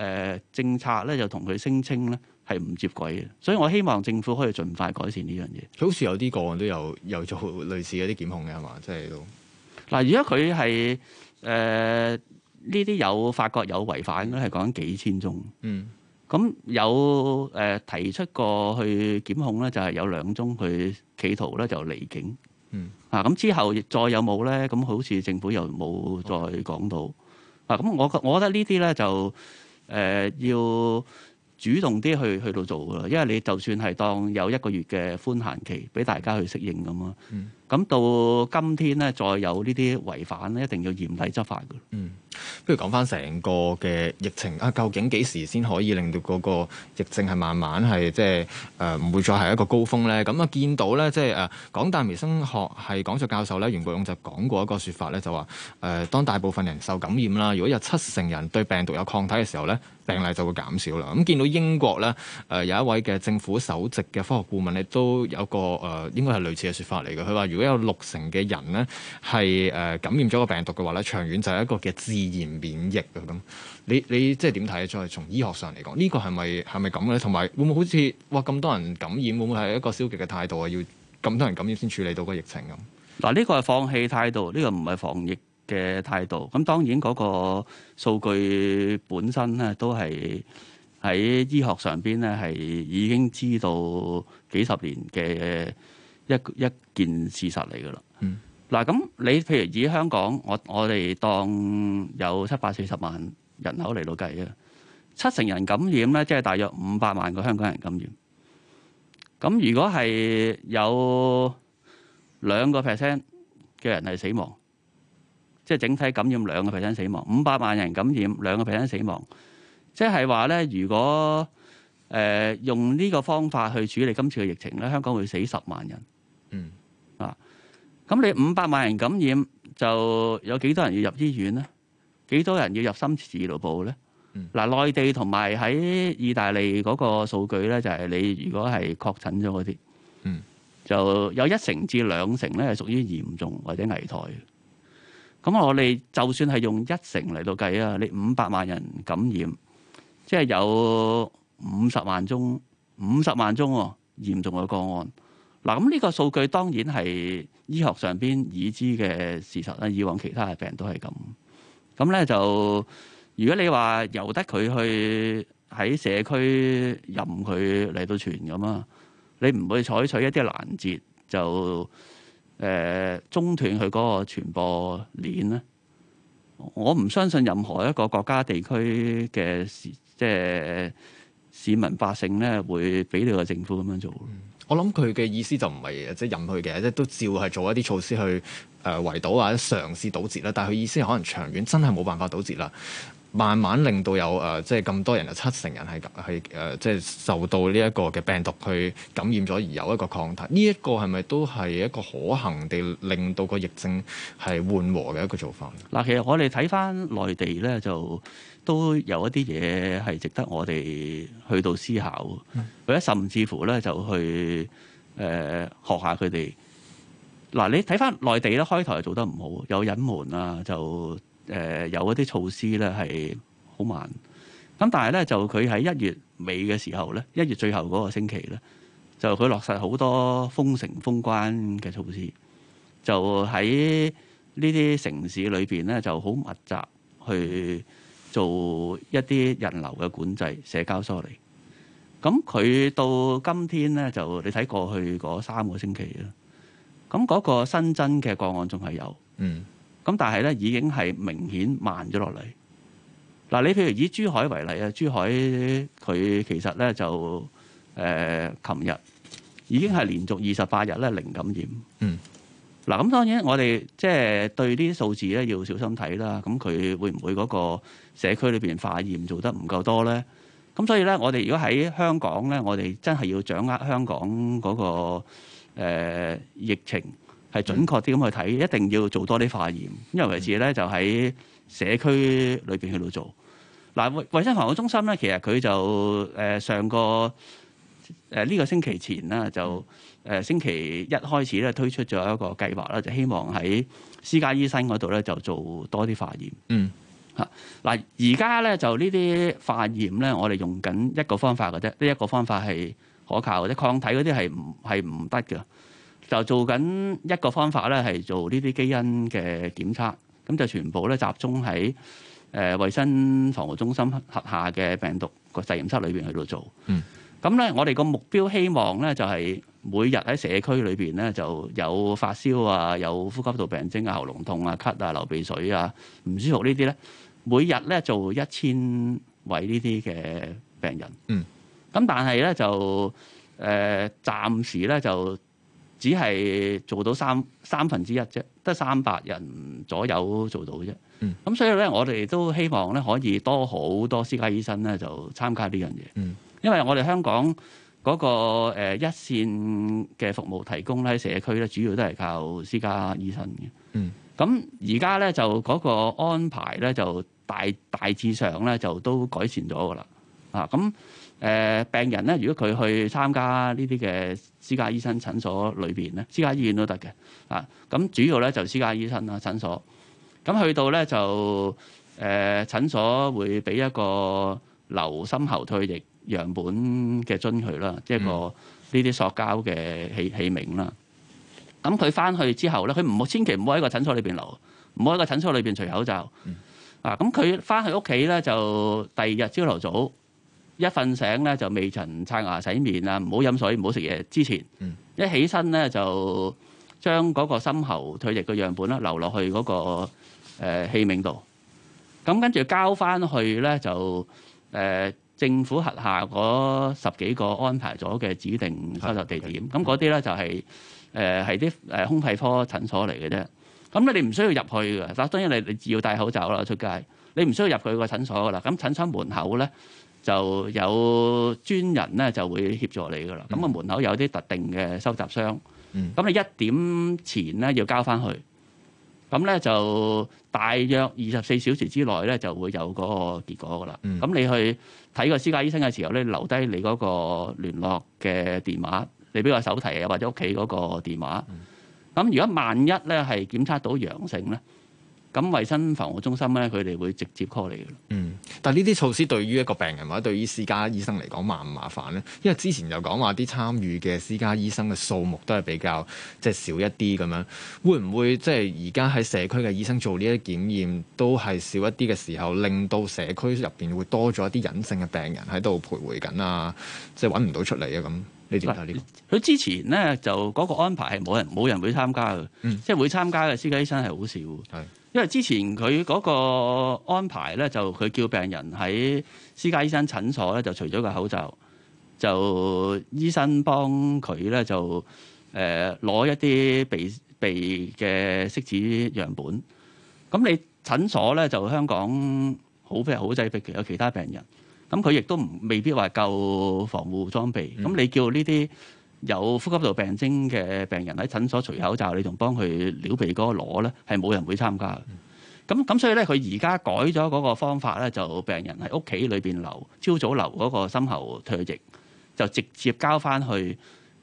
呃、政策咧就同佢聲稱咧係唔接軌嘅，所以我希望政府可以盡快改善呢樣嘢。好似有啲個案都有有做類似嗰啲檢控嘅係嘛？即係都嗱，如果佢係誒呢啲有發覺有違反嘅咧，係講幾千宗，嗯。咁有誒、呃、提出過去檢控咧，就係、是、有兩宗去企圖咧就離境。嗯，啊咁之後再有冇咧？咁好似政府又冇再講到。嗯、啊咁，我覺我覺得這些呢啲咧就誒、呃、要主動啲去去到做噶啦，因為你就算係當有一個月嘅寬限期俾大家去適應咁咯。嗯。咁到今天咧，再有呢啲違反咧，一定要嚴厲執法嘅。嗯，不如講翻成個嘅疫情啊，究竟幾時先可以令到嗰個疫症係慢慢係即係誒唔會再係一個高峰咧？咁、嗯、啊，見到咧，即係誒港大微生物學系講座教授咧，袁國勇就講過一個説法咧，就話誒、呃、當大部分人受感染啦，如果有七成人對病毒有抗體嘅時候咧，病例就會減少啦。咁、嗯、見到英國咧，誒、呃、有一位嘅政府首席嘅科學顧問亦都有個誒、呃、應該係類似嘅説法嚟嘅，佢話如如果有六成嘅人咧，係誒感染咗個病毒嘅話咧，長遠就係一個嘅自然免疫啊！咁你你即係點睇啊？再從醫學上嚟講，呢個係咪係咪咁咧？同埋會唔會好似哇咁多人感染，會唔會係一個消極嘅態度啊？要咁多人感染先處理到個疫情咁？嗱，呢個係放棄態度，呢個唔係防疫嘅態度。咁當然嗰個數據本身咧，都係喺醫學上邊咧，係已經知道幾十年嘅。一一件事實嚟㗎啦，嗱咁你譬如以香港，我我哋當有七百四十萬人口嚟到計啊，七成人感染咧，即係大約五百萬個香港人感染。咁如果係有兩個 percent 嘅人係死亡，即係整體感染兩個 percent 死亡，五百萬人感染兩個 percent 死亡，即係話咧，如果誒、呃、用呢個方法去處理今次嘅疫情咧，香港會死十萬人。嗯啊，咁你五百萬人感染就有幾多人要入醫院咧？幾多人要入深切治療部咧？嗱，內地同埋喺意大利嗰個數據咧，就係你如果係確診咗嗰啲，就有一成至兩成咧係屬於嚴重或者危殆嘅。咁我哋就算係用一成嚟到計啊，你五百萬人感染，即係有五十萬宗，五十萬宗喎，嚴重嘅個案。嗱，咁呢個數據當然係醫學上邊已知嘅事實啦。以往其他嘅病都係咁，咁咧就如果你話由得佢去喺社區任佢嚟到傳咁啊，你唔會採取一啲攔截就誒、呃、中斷佢嗰個傳播鏈咧。我唔相信任何一個國家地區嘅市即係市民百姓咧會俾你個政府咁樣做。我諗佢嘅意思就唔係即係任佢嘅，即係都照係做一啲措施去誒圍堵或者嘗試堵截啦。但係佢意思可能長遠真係冇辦法堵截啦，慢慢令到有誒、呃，即係咁多人有七成人係係誒，即係受到呢一個嘅病毒去感染咗，而有一個抗體。呢一個係咪都係一個可行地令到個疫症係緩和嘅一個做法？嗱，其實我哋睇翻內地咧就。都有一啲嘢係值得我哋去到思考，或者、嗯、甚至乎咧就去誒、呃、學下佢哋。嗱，你睇翻內地咧，開頭係做得唔好，有隱瞞啊，就誒、呃、有一啲措施咧係好慢。咁但係咧就佢喺一月尾嘅時候咧，一月最後嗰個星期咧，就佢落實好多封城封關嘅措施，就喺呢啲城市裏邊咧就好密集去。做一啲人流嘅管制、社交疏離，咁佢到今天咧就你睇過去嗰三個星期啦，咁、那、嗰個新增嘅個案仲係有，嗯，咁但係咧已經係明顯慢咗落嚟。嗱，你譬如以珠海為例啊，珠海佢其實咧就誒琴日已經係連續二十八日咧零感染，嗯。嗱，咁當然我哋即係對呢啲數字咧要小心睇啦。咁佢會唔會嗰個社區裏邊化驗做得唔夠多咧？咁所以咧，我哋如果喺香港咧，我哋真係要掌握香港嗰、那個、呃、疫情係準確啲咁去睇，一定要做多啲化驗。因為為止咧，就喺社區裏邊去度做。嗱、呃，衞衞生防護中心咧，其實佢就誒、呃、上個誒呢、呃這個星期前啦就。誒星期一開始咧，推出咗一個計劃啦，就希望喺私家醫生嗰度咧就做多啲化驗。嗯。嚇嗱，而家咧就呢啲化驗咧，我哋用緊一個方法嘅啫，呢一個方法係可靠嘅啫，啲抗體嗰啲係唔係唔得嘅。就做緊一個方法咧，係做呢啲基因嘅檢測，咁就全部咧集中喺誒衞生防護中心核下嘅病毒個實驗室裏邊喺度做。嗯。咁咧，我哋個目標希望咧，就係每日喺社區裏邊咧，就有發燒啊，有呼吸道病徵啊，喉嚨痛啊，咳啊，流鼻水啊，唔舒服呢啲咧，每日咧做一千位呢啲嘅病人。嗯。咁但係咧就誒，暫時咧就只係做到三三分之一啫，得三百人左右做到啫。嗯。咁所以咧，我哋都希望咧可以多好多私家醫生咧，就參加呢樣嘢。嗯。因為我哋香港嗰、那個、呃、一線嘅服務提供咧，社區咧主要都係靠私家醫生嘅。嗯。咁而家咧就嗰個安排咧就大大致上咧就都改善咗噶啦。啊，咁、呃、誒病人咧，如果佢去參加呢啲嘅私家醫生診所裏邊咧，私家醫院都得嘅。啊，咁主要咧就私家醫生啦診所。咁去到咧就誒、呃、診所會俾一個留深喉唾液。樣本嘅樽佢啦，即係個呢啲塑膠嘅器器皿啦。咁佢翻去之後咧，佢唔好千祈唔好喺個診所裏邊留，唔好喺個診所裏邊除口罩。嗯、啊，咁佢翻去屋企咧，就第二日朝頭早一瞓醒咧，就未曾刷牙洗面啊，唔好飲水，唔好食嘢之前，嗯、一起身咧就將嗰個深喉唾液嘅樣本啦留落去嗰、嗰個器皿度。咁跟住交翻去咧就誒。呃政府轄下嗰十幾個安排咗嘅指定收集地點，咁嗰啲咧就係誒係啲誒胸肺科診所嚟嘅啫。咁咧你唔需要入去嘅，但係當然你你要戴口罩啦，出街你唔需要入佢個診所噶啦。咁診所門口咧就有專人咧就會協助你噶啦。咁個門口有啲特定嘅收集箱，咁、嗯、你一點前咧要交翻去。咁咧就大約二十四小時之內咧就會有嗰個結果噶啦。咁、嗯、你去睇個私家醫生嘅時候咧，你留低你嗰個聯絡嘅電話，你畀個手提啊，或者屋企嗰個電話。咁如果萬一咧係檢測到陽性咧？咁衛生防護中心咧，佢哋會直接 call 你嘅。嗯，但係呢啲措施對於一個病人或者對於私家醫生嚟講麻唔麻煩咧？因為之前就講話啲參與嘅私家醫生嘅數目都係比較即係、就是、少一啲咁樣，會唔會即係而家喺社區嘅醫生做呢一檢驗都係少一啲嘅時候，令到社區入面會多咗一啲隱性嘅病人喺度徘徊緊啊，即係揾唔到出嚟啊咁？你點睇呢？佢之前咧就嗰個安排係冇人冇人會參加嘅，嗯、即係會參加嘅私家醫生係好少。係。因為之前佢嗰個安排咧，就佢叫病人喺私家醫生診所咧，就除咗個口罩，就醫生幫佢咧就誒攞、呃、一啲鼻鼻嘅拭子樣本。咁你診所咧就香港好咩好擠逼，譬如有其他病人，咁佢亦都唔未必話夠防護裝備。咁、嗯、你叫呢啲？有呼吸道病徵嘅病人喺診所除口罩，你仲幫佢撩鼻哥攞咧，係冇人會參加嘅。咁咁、嗯、所以咧，佢而家改咗嗰個方法咧，就病人喺屋企裏邊留，朝早留嗰個深喉唾液，就直接交翻去誒、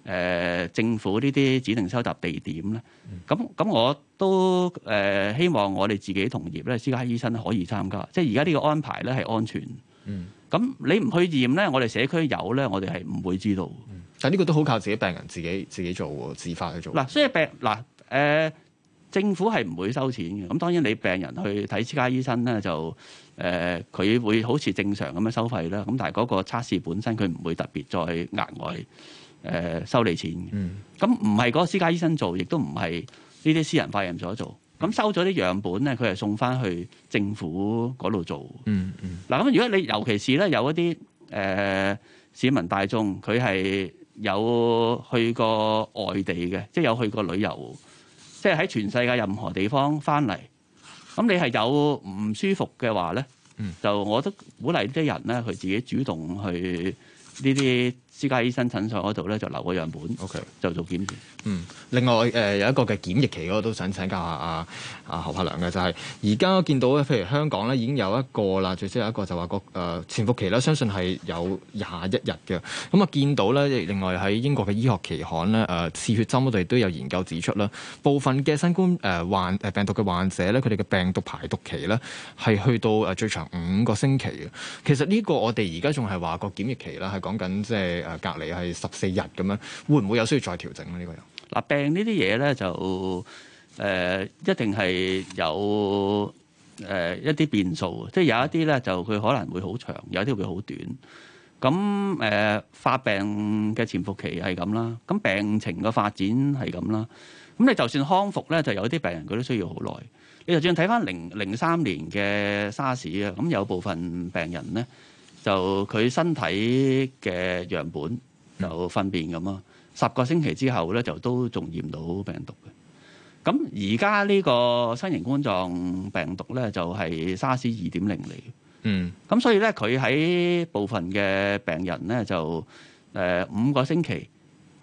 呃、政府呢啲指定收集地點咧。咁咁、嗯、我都誒、呃、希望我哋自己同業咧，私家醫生可以參加。即係而家呢個安排咧係安全。嗯。咁你唔去驗咧，我哋社區有咧，我哋係唔會知道。但呢個都好靠自己病人，自己自己做自發去做。嗱，所以病，嗱，誒、呃、政府係唔會收錢嘅。咁當然你病人去睇私家醫生咧，就誒佢，呃、會好似正常咁樣收費啦。咁但係嗰個測試本身佢唔會特別再額外誒、呃、收你錢嘅。咁唔係嗰個私家醫生做，亦都唔係呢啲私人化驗所做。咁收咗啲樣本咧，佢係送翻去政府嗰度做。嗯嗯。嗱，咁如果你尤其是咧，有一啲誒、呃、市民大眾，佢係。有去過外地嘅，即係有去過旅遊，即係喺全世界任何地方翻嚟，咁你係有唔舒服嘅話咧，就我覺得鼓勵啲人咧，佢自己主動去呢啲。私家醫生診所嗰度咧就留個樣本，OK 就做檢驗。嗯，另外誒、呃、有一個嘅檢疫期嗰都想請教下阿阿何栢良嘅，就係而家見到咧，譬如香港咧已經有一個啦，最少有一個就話個誒潛伏期啦，相信係有廿一日嘅。咁啊，見到咧，另外喺英國嘅醫學期刊咧，誒、呃、刺血針嗰度亦都有研究指出啦，部分嘅新冠誒、呃、患誒病毒嘅患者咧，佢哋嘅病毒排毒期咧係去到誒最長五個星期嘅。其實呢個我哋而家仲係話個檢疫期啦，係講緊即係。誒、啊、隔離係十四日咁樣，會唔會有需要再調整呢個人？嗱病這些呢啲嘢咧就誒、呃、一定係有誒、呃、一啲變數即係、就是、有一啲咧就佢可能會好長，有啲會好短。咁誒、呃、發病嘅潛伏期係咁啦，咁病情嘅發展係咁啦。咁你就算康復咧，就有啲病人佢都需要好耐。你就算睇翻零零三年嘅沙士啊，咁有部分病人咧。就佢身體嘅樣本，就糞便咁啊，嗯、十個星期之後咧，就都仲驗到病毒嘅。咁而家呢個新型冠狀病毒咧，就係沙士二點零嚟嘅。嗯，咁所以咧，佢喺部分嘅病人咧，就誒、呃、五個星期。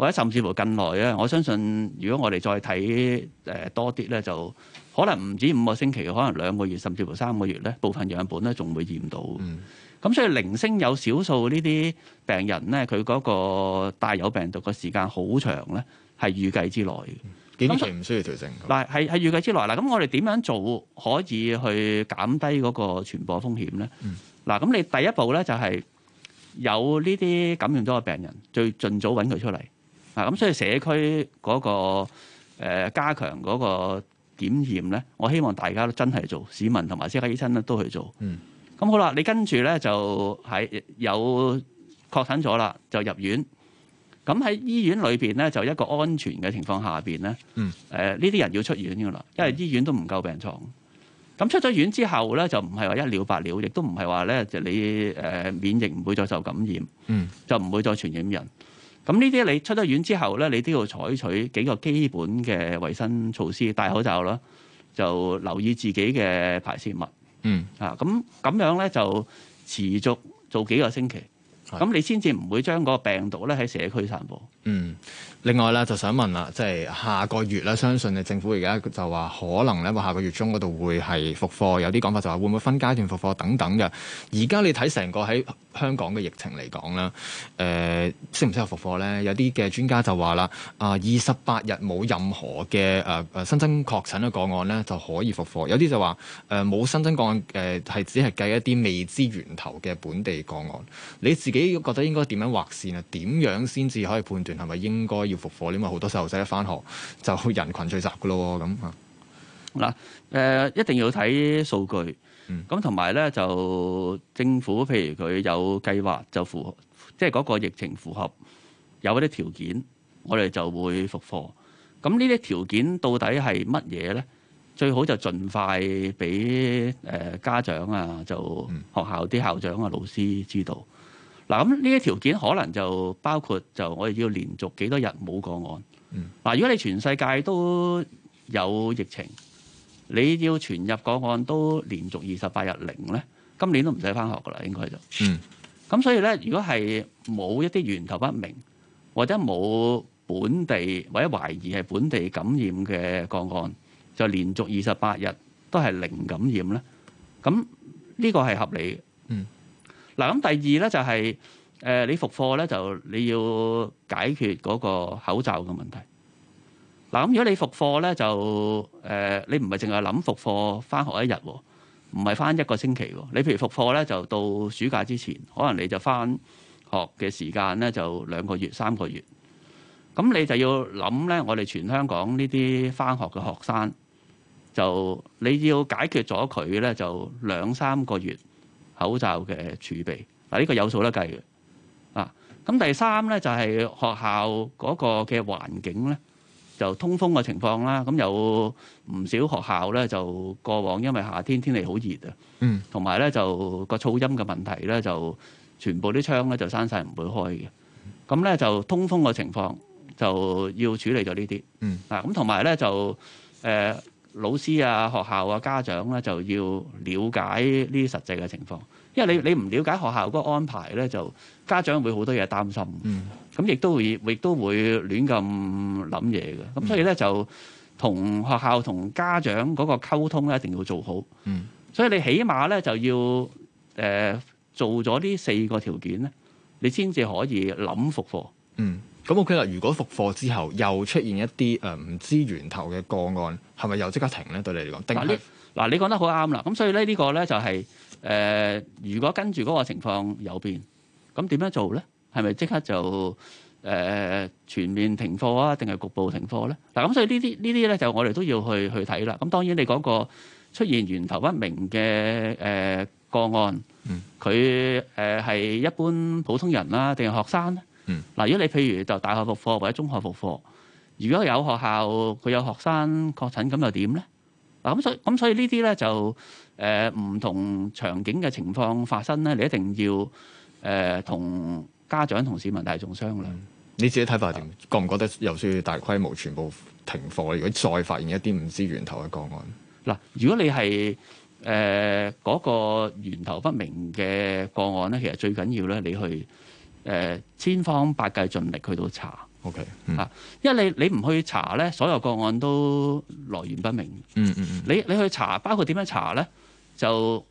或者甚至乎近耐咧，我相信如果我哋再睇誒多啲咧，就可能唔止五個星期，可能兩個月，甚至乎三個月咧，部分樣本咧仲會驗到。咁、嗯、所以零星有少數呢啲病人咧，佢嗰個帶有病毒嘅時間好長咧，係預計之內嘅。幾點唔需要調整？嗱，係係預計之內，嗱，咁我哋點樣做可以去減低嗰個傳播風險咧？嗱、嗯，咁你第一步咧就係有呢啲感染咗嘅病人，最盡早揾佢出嚟。咁所以社區嗰、嗰個、呃、加強嗰個檢驗咧，我希望大家都真係做，市民同埋私家醫生咧都去做。嗯。咁好啦，你跟住咧就係有確診咗啦，就入院。咁喺醫院裏面咧，就一個安全嘅情況下面咧，嗯、呃。呢啲人要出院噶啦，因為醫院都唔夠病床。咁出咗院之後咧，就唔係話一了百了，亦都唔係話咧就你、呃、免疫唔會再受感染，嗯，就唔會再傳染人。咁呢啲你出咗院之後咧，你都要採取幾個基本嘅衞生措施，戴口罩啦，就留意自己嘅排泄物，嗯，啊，咁咁樣咧就持續做幾個星期，咁是 你先至唔會將嗰個病毒咧喺社區散播，嗯。另外啦，就想問啦，即係下個月啦，相信嘅政府而家就話可能咧，話下個月中嗰度會係復課，有啲講法就話會唔會分階段復課等等嘅。而家你睇成個喺香港嘅疫情嚟講啦，誒適唔適合復課咧？有啲嘅專家就話啦，啊二十八日冇任何嘅、呃、新增確診嘅個案咧，就可以復課。有啲就話冇、呃、新增個案係、呃、只係計一啲未知源頭嘅本地個案。你自己覺得應該點樣劃線啊？點樣先至可以判斷係咪應該？要復課，因為好多細路仔一返學就人群聚集噶咯，咁啊嗱，誒一定要睇數據，咁同埋咧就政府，譬如佢有計劃就符合，即係嗰個疫情符合有一啲條件，我哋就會復課。咁呢啲條件到底係乜嘢咧？最好就盡快俾誒家長啊，就學校啲校長啊、老師知道。嗱，咁呢啲條件可能就包括就我哋要連續幾多日冇個案。嗱、嗯，如果你全世界都有疫情，你要傳入個案都連續二十八日零咧，今年都唔使返學噶啦，應該就。咁、嗯、所以咧，如果係冇一啲源頭不明或者冇本地或者懷疑係本地感染嘅個案，就連續二十八日都係零感染咧，咁呢、這個係合理嘅。嗯嗱咁第二咧就係、是，誒、呃、你復課咧就你要解決嗰個口罩嘅問題。嗱、呃、咁如果你復課咧就誒、呃、你唔係淨係諗復課返學一日喎，唔係返一個星期喎。你譬如復課咧就到暑假之前，可能你就返學嘅時間咧就兩個月三個月。咁你就要諗咧，我哋全香港呢啲返學嘅學生，就你要解決咗佢咧就兩三個月。口罩嘅儲備，嗱呢個有數得計嘅啊。咁第三呢就係學校嗰個嘅環境呢就通風嘅情況啦，咁有唔少學校呢就過往因為夏天天氣好熱啊，嗯，同埋呢就個噪音嘅問題呢就全部啲窗呢就閂晒唔會開嘅，咁呢就通風嘅情況就要處理咗呢啲嗯啊，咁同埋呢就誒。老師啊、學校啊、家長咧，就要了解呢啲實際嘅情況，因為你你唔了解學校嗰個安排咧，就家長會好多嘢擔心。嗯，咁亦都會亦都會亂咁諗嘢嘅，咁所以咧就同學校同家長嗰個溝通咧一定要做好。嗯，所以你起碼咧就要誒做咗呢四個條件咧，你先至可以諗復課。嗯。咁 OK 啦，如果復課之後又出現一啲誒唔知源頭嘅個案，係咪又即刻停咧？對你嚟講，定係？嗱，你講得好啱啦。咁所以咧，呢個咧就係誒，如果跟住嗰個情況有變，咁點樣做咧？係咪即刻就誒全面停課啊？定係局部停課咧？嗱，咁所以呢啲呢啲咧，就我哋都要去去睇啦。咁當然你講個出現源頭不明嘅誒個案，佢誒係一般普通人啦，定係學生咧？嗱，嗯、如果你譬如就大學復課或者中學復課，如果有學校佢有學生確診，咁又點咧？嗱，咁所咁所以，所以這些呢啲咧就誒唔、呃、同場景嘅情況發生咧，你一定要誒同、呃、家長同市民大眾商量、嗯。你自己睇法點？覺唔覺得有需要大規模全部停課？如果再發現一啲唔知源頭嘅個案，嗱、嗯，如果你係誒嗰個源頭不明嘅個案咧，其實最緊要咧，你去。誒千方百計盡力去到查，OK，嚇、mm，hmm. 因為你你唔去查咧，所有個案都來源不明。嗯嗯嗯，hmm. 你你去查，包括點樣查咧？就誒、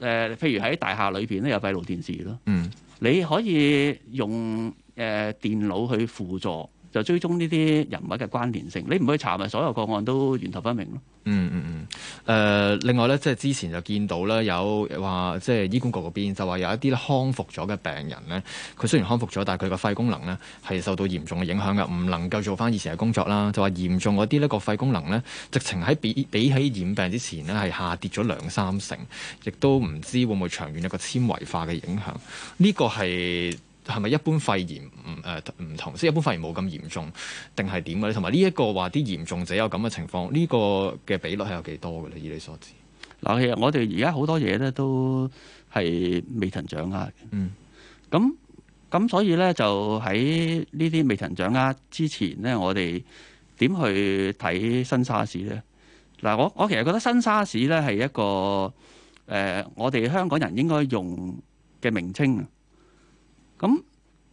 呃，譬如喺大廈裏邊咧有閉路電視咯。嗯、mm，hmm. 你可以用誒、呃、電腦去輔助。就追蹤呢啲人物嘅關聯性，你唔去查咪所有個案都源頭不明咯、嗯？嗯嗯嗯。誒、呃，另外咧，即係之前就見到咧，有話即係醫管局嗰邊就話有一啲咧康復咗嘅病人咧，佢雖然康復咗，但係佢個肺功能咧係受到嚴重嘅影響嘅，唔能夠做翻以前嘅工作啦。就話嚴重嗰啲呢個肺功能咧，直情喺比比起染病之前呢，係下跌咗兩三成，亦都唔知會唔會長遠一個纖維化嘅影響。呢、呢個係。係咪一般肺炎唔誒唔同，即係一般肺炎冇咁嚴重，定係點嘅咧？同埋呢一個話啲嚴重者有咁嘅情況，呢個嘅比率係有幾多嘅咧？以你所知，嗱，其實我哋而家好多嘢咧都係未曾掌握。嗯，咁咁所以咧就喺呢啲未曾掌握之前咧，我哋點去睇新沙士咧？嗱，我我其實覺得新沙士咧係一個、呃、我哋香港人應該用嘅名稱。咁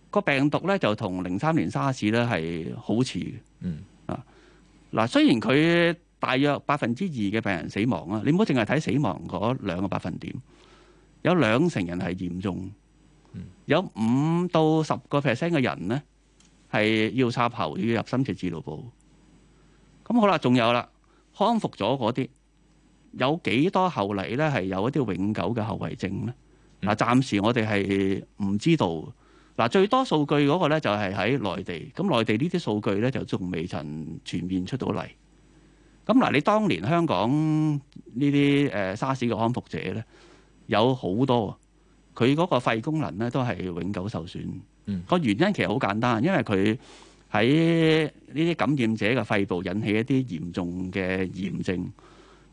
個病毒咧就同零三年沙士咧係好似嘅，嗯啊、嗱，雖然佢大約百分之二嘅病人死亡啊，你唔好淨係睇死亡嗰兩個百分點，有兩成人係嚴重，有五到十個 percent 嘅人咧係要插喉要入深切治療部。咁好啦，仲有啦，康復咗嗰啲有幾多後嚟咧係有一啲永久嘅後遺症咧？嗱，嗯、暫時我哋係唔知道。嗱，最多數據嗰個咧就係喺內地。咁內地呢啲數據咧就仲未曾全面出到嚟。咁嗱，你當年香港呢啲誒沙士嘅康復者咧，有好多啊，佢嗰個肺功能咧都係永久受損。個、嗯、原因其實好簡單，因為佢喺呢啲感染者嘅肺部引起一啲嚴重嘅炎症。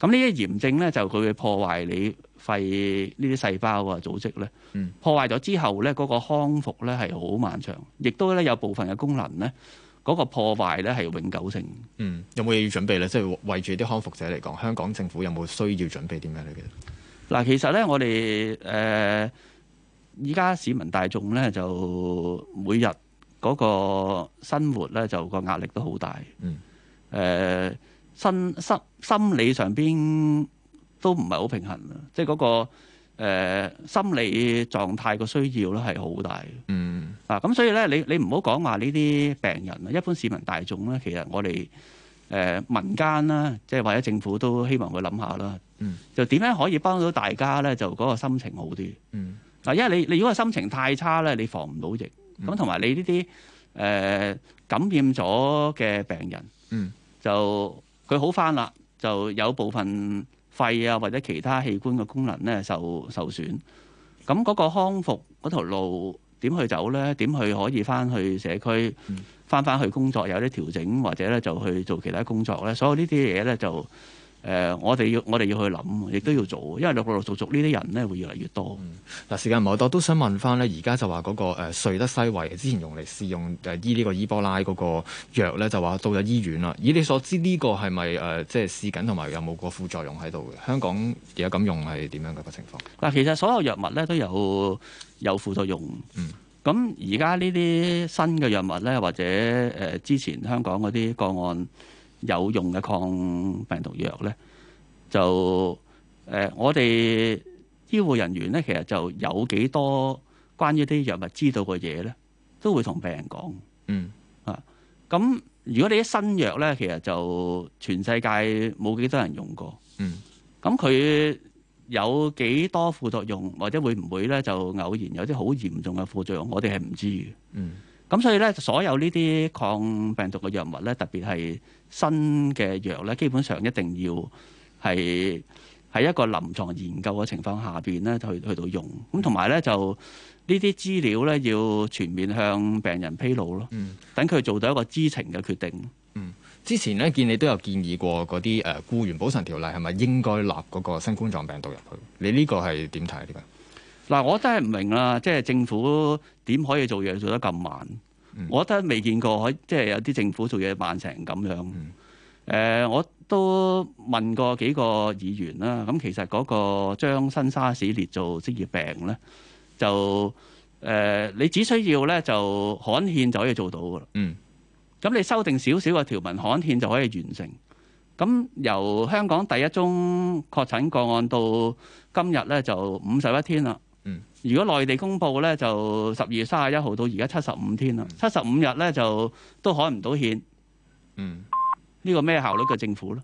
咁呢啲炎症咧就佢會破壞你。肺呢啲細胞啊組織咧，破壞咗之後咧，嗰個康復咧係好漫長，亦都咧有部分嘅功能咧，嗰個破壞咧係永久性。嗯，有冇嘢要準備咧？即係為住啲康復者嚟講，香港政府有冇需要準備點樣咧？其實嗱，其實咧，我哋誒依家市民大眾咧，就每日嗰個生活咧，就個壓力都好大。嗯，誒、呃、心心心理上邊。都唔係好平衡啦，即係嗰個、呃、心理狀態嘅需要咧係好大嘅。嗯，啊咁所以咧，你你唔好講話呢啲病人啊，一般市民大眾咧，其實我哋誒、呃、民間啦，即係或者政府都希望佢諗下啦。嗯，就點樣可以幫到大家咧？就嗰個心情好啲。嗯，嗱，因為你你如果心情太差咧，你防唔到疫。咁同埋你呢啲誒感染咗嘅病人，嗯，就佢好翻啦，就有部分。肺啊，或者其他器官嘅功能咧受受損，咁嗰個康復嗰條路點去走咧？點去可以翻去社區，翻翻去工作，有啲調整或者咧就去做其他工作咧？所有呢啲嘢咧就。誒、呃，我哋要我哋要去諗，亦都要做，因為陸陸續續呢啲人咧會越嚟越多。嗱、嗯，時間唔係好多，都想問翻咧，而家就話嗰、嗰個、呃、瑞德西韋之前用嚟試用誒、呃、醫呢個伊波拉嗰個藥咧，就話到咗醫院啦。以你所知呢、呢個係咪誒即係試緊，同埋有冇個副作用喺度嘅？香港而家咁用係點樣嘅個情況？嗱，其實所有藥物咧都有有副作用。嗯，咁而家呢啲新嘅藥物咧，或者誒、呃、之前香港嗰啲個案。有用嘅抗病毒藥咧，就誒、呃，我哋醫護人員咧，其實就有幾多關於啲藥物知道嘅嘢咧，都會同病人講。嗯啊，咁如果你啲新藥咧，其實就全世界冇幾多人用過。嗯，咁佢有幾多副作用，或者會唔會咧就偶然有啲好嚴重嘅副作用，我哋係唔知嘅。嗯，咁所以咧，所有呢啲抗病毒嘅藥物咧，特別係。新嘅藥咧，基本上一定要係喺一個臨床研究嘅情況下邊咧，去去到用。咁同埋咧，就呢啲資料咧，要全面向病人披露咯。嗯。等佢做到一個知情嘅決定。嗯。之前咧，見你都有建議過嗰啲誒僱員補償條例係咪應該立嗰個新冠狀病毒入去？你呢個係點睇咧？嗱，我真係唔明啊！即係政府點可以做嘢做得咁慢？我覺得未見過，即係有啲政府做嘢慢成咁樣。誒、呃，我都問過幾個議員啦。咁其實嗰個將新沙士列做職業病咧，就誒、呃，你只需要咧就刊憲就可以做到噶啦。咁、嗯、你修訂少少嘅條文刊憲就可以完成。咁由香港第一宗確診個案到今日咧，就五十一天啦。如果內地公布咧，就十二月三十一號到而家七十五天啦，七十五日咧就都開唔到會。嗯，呢個咩效率嘅政府咧？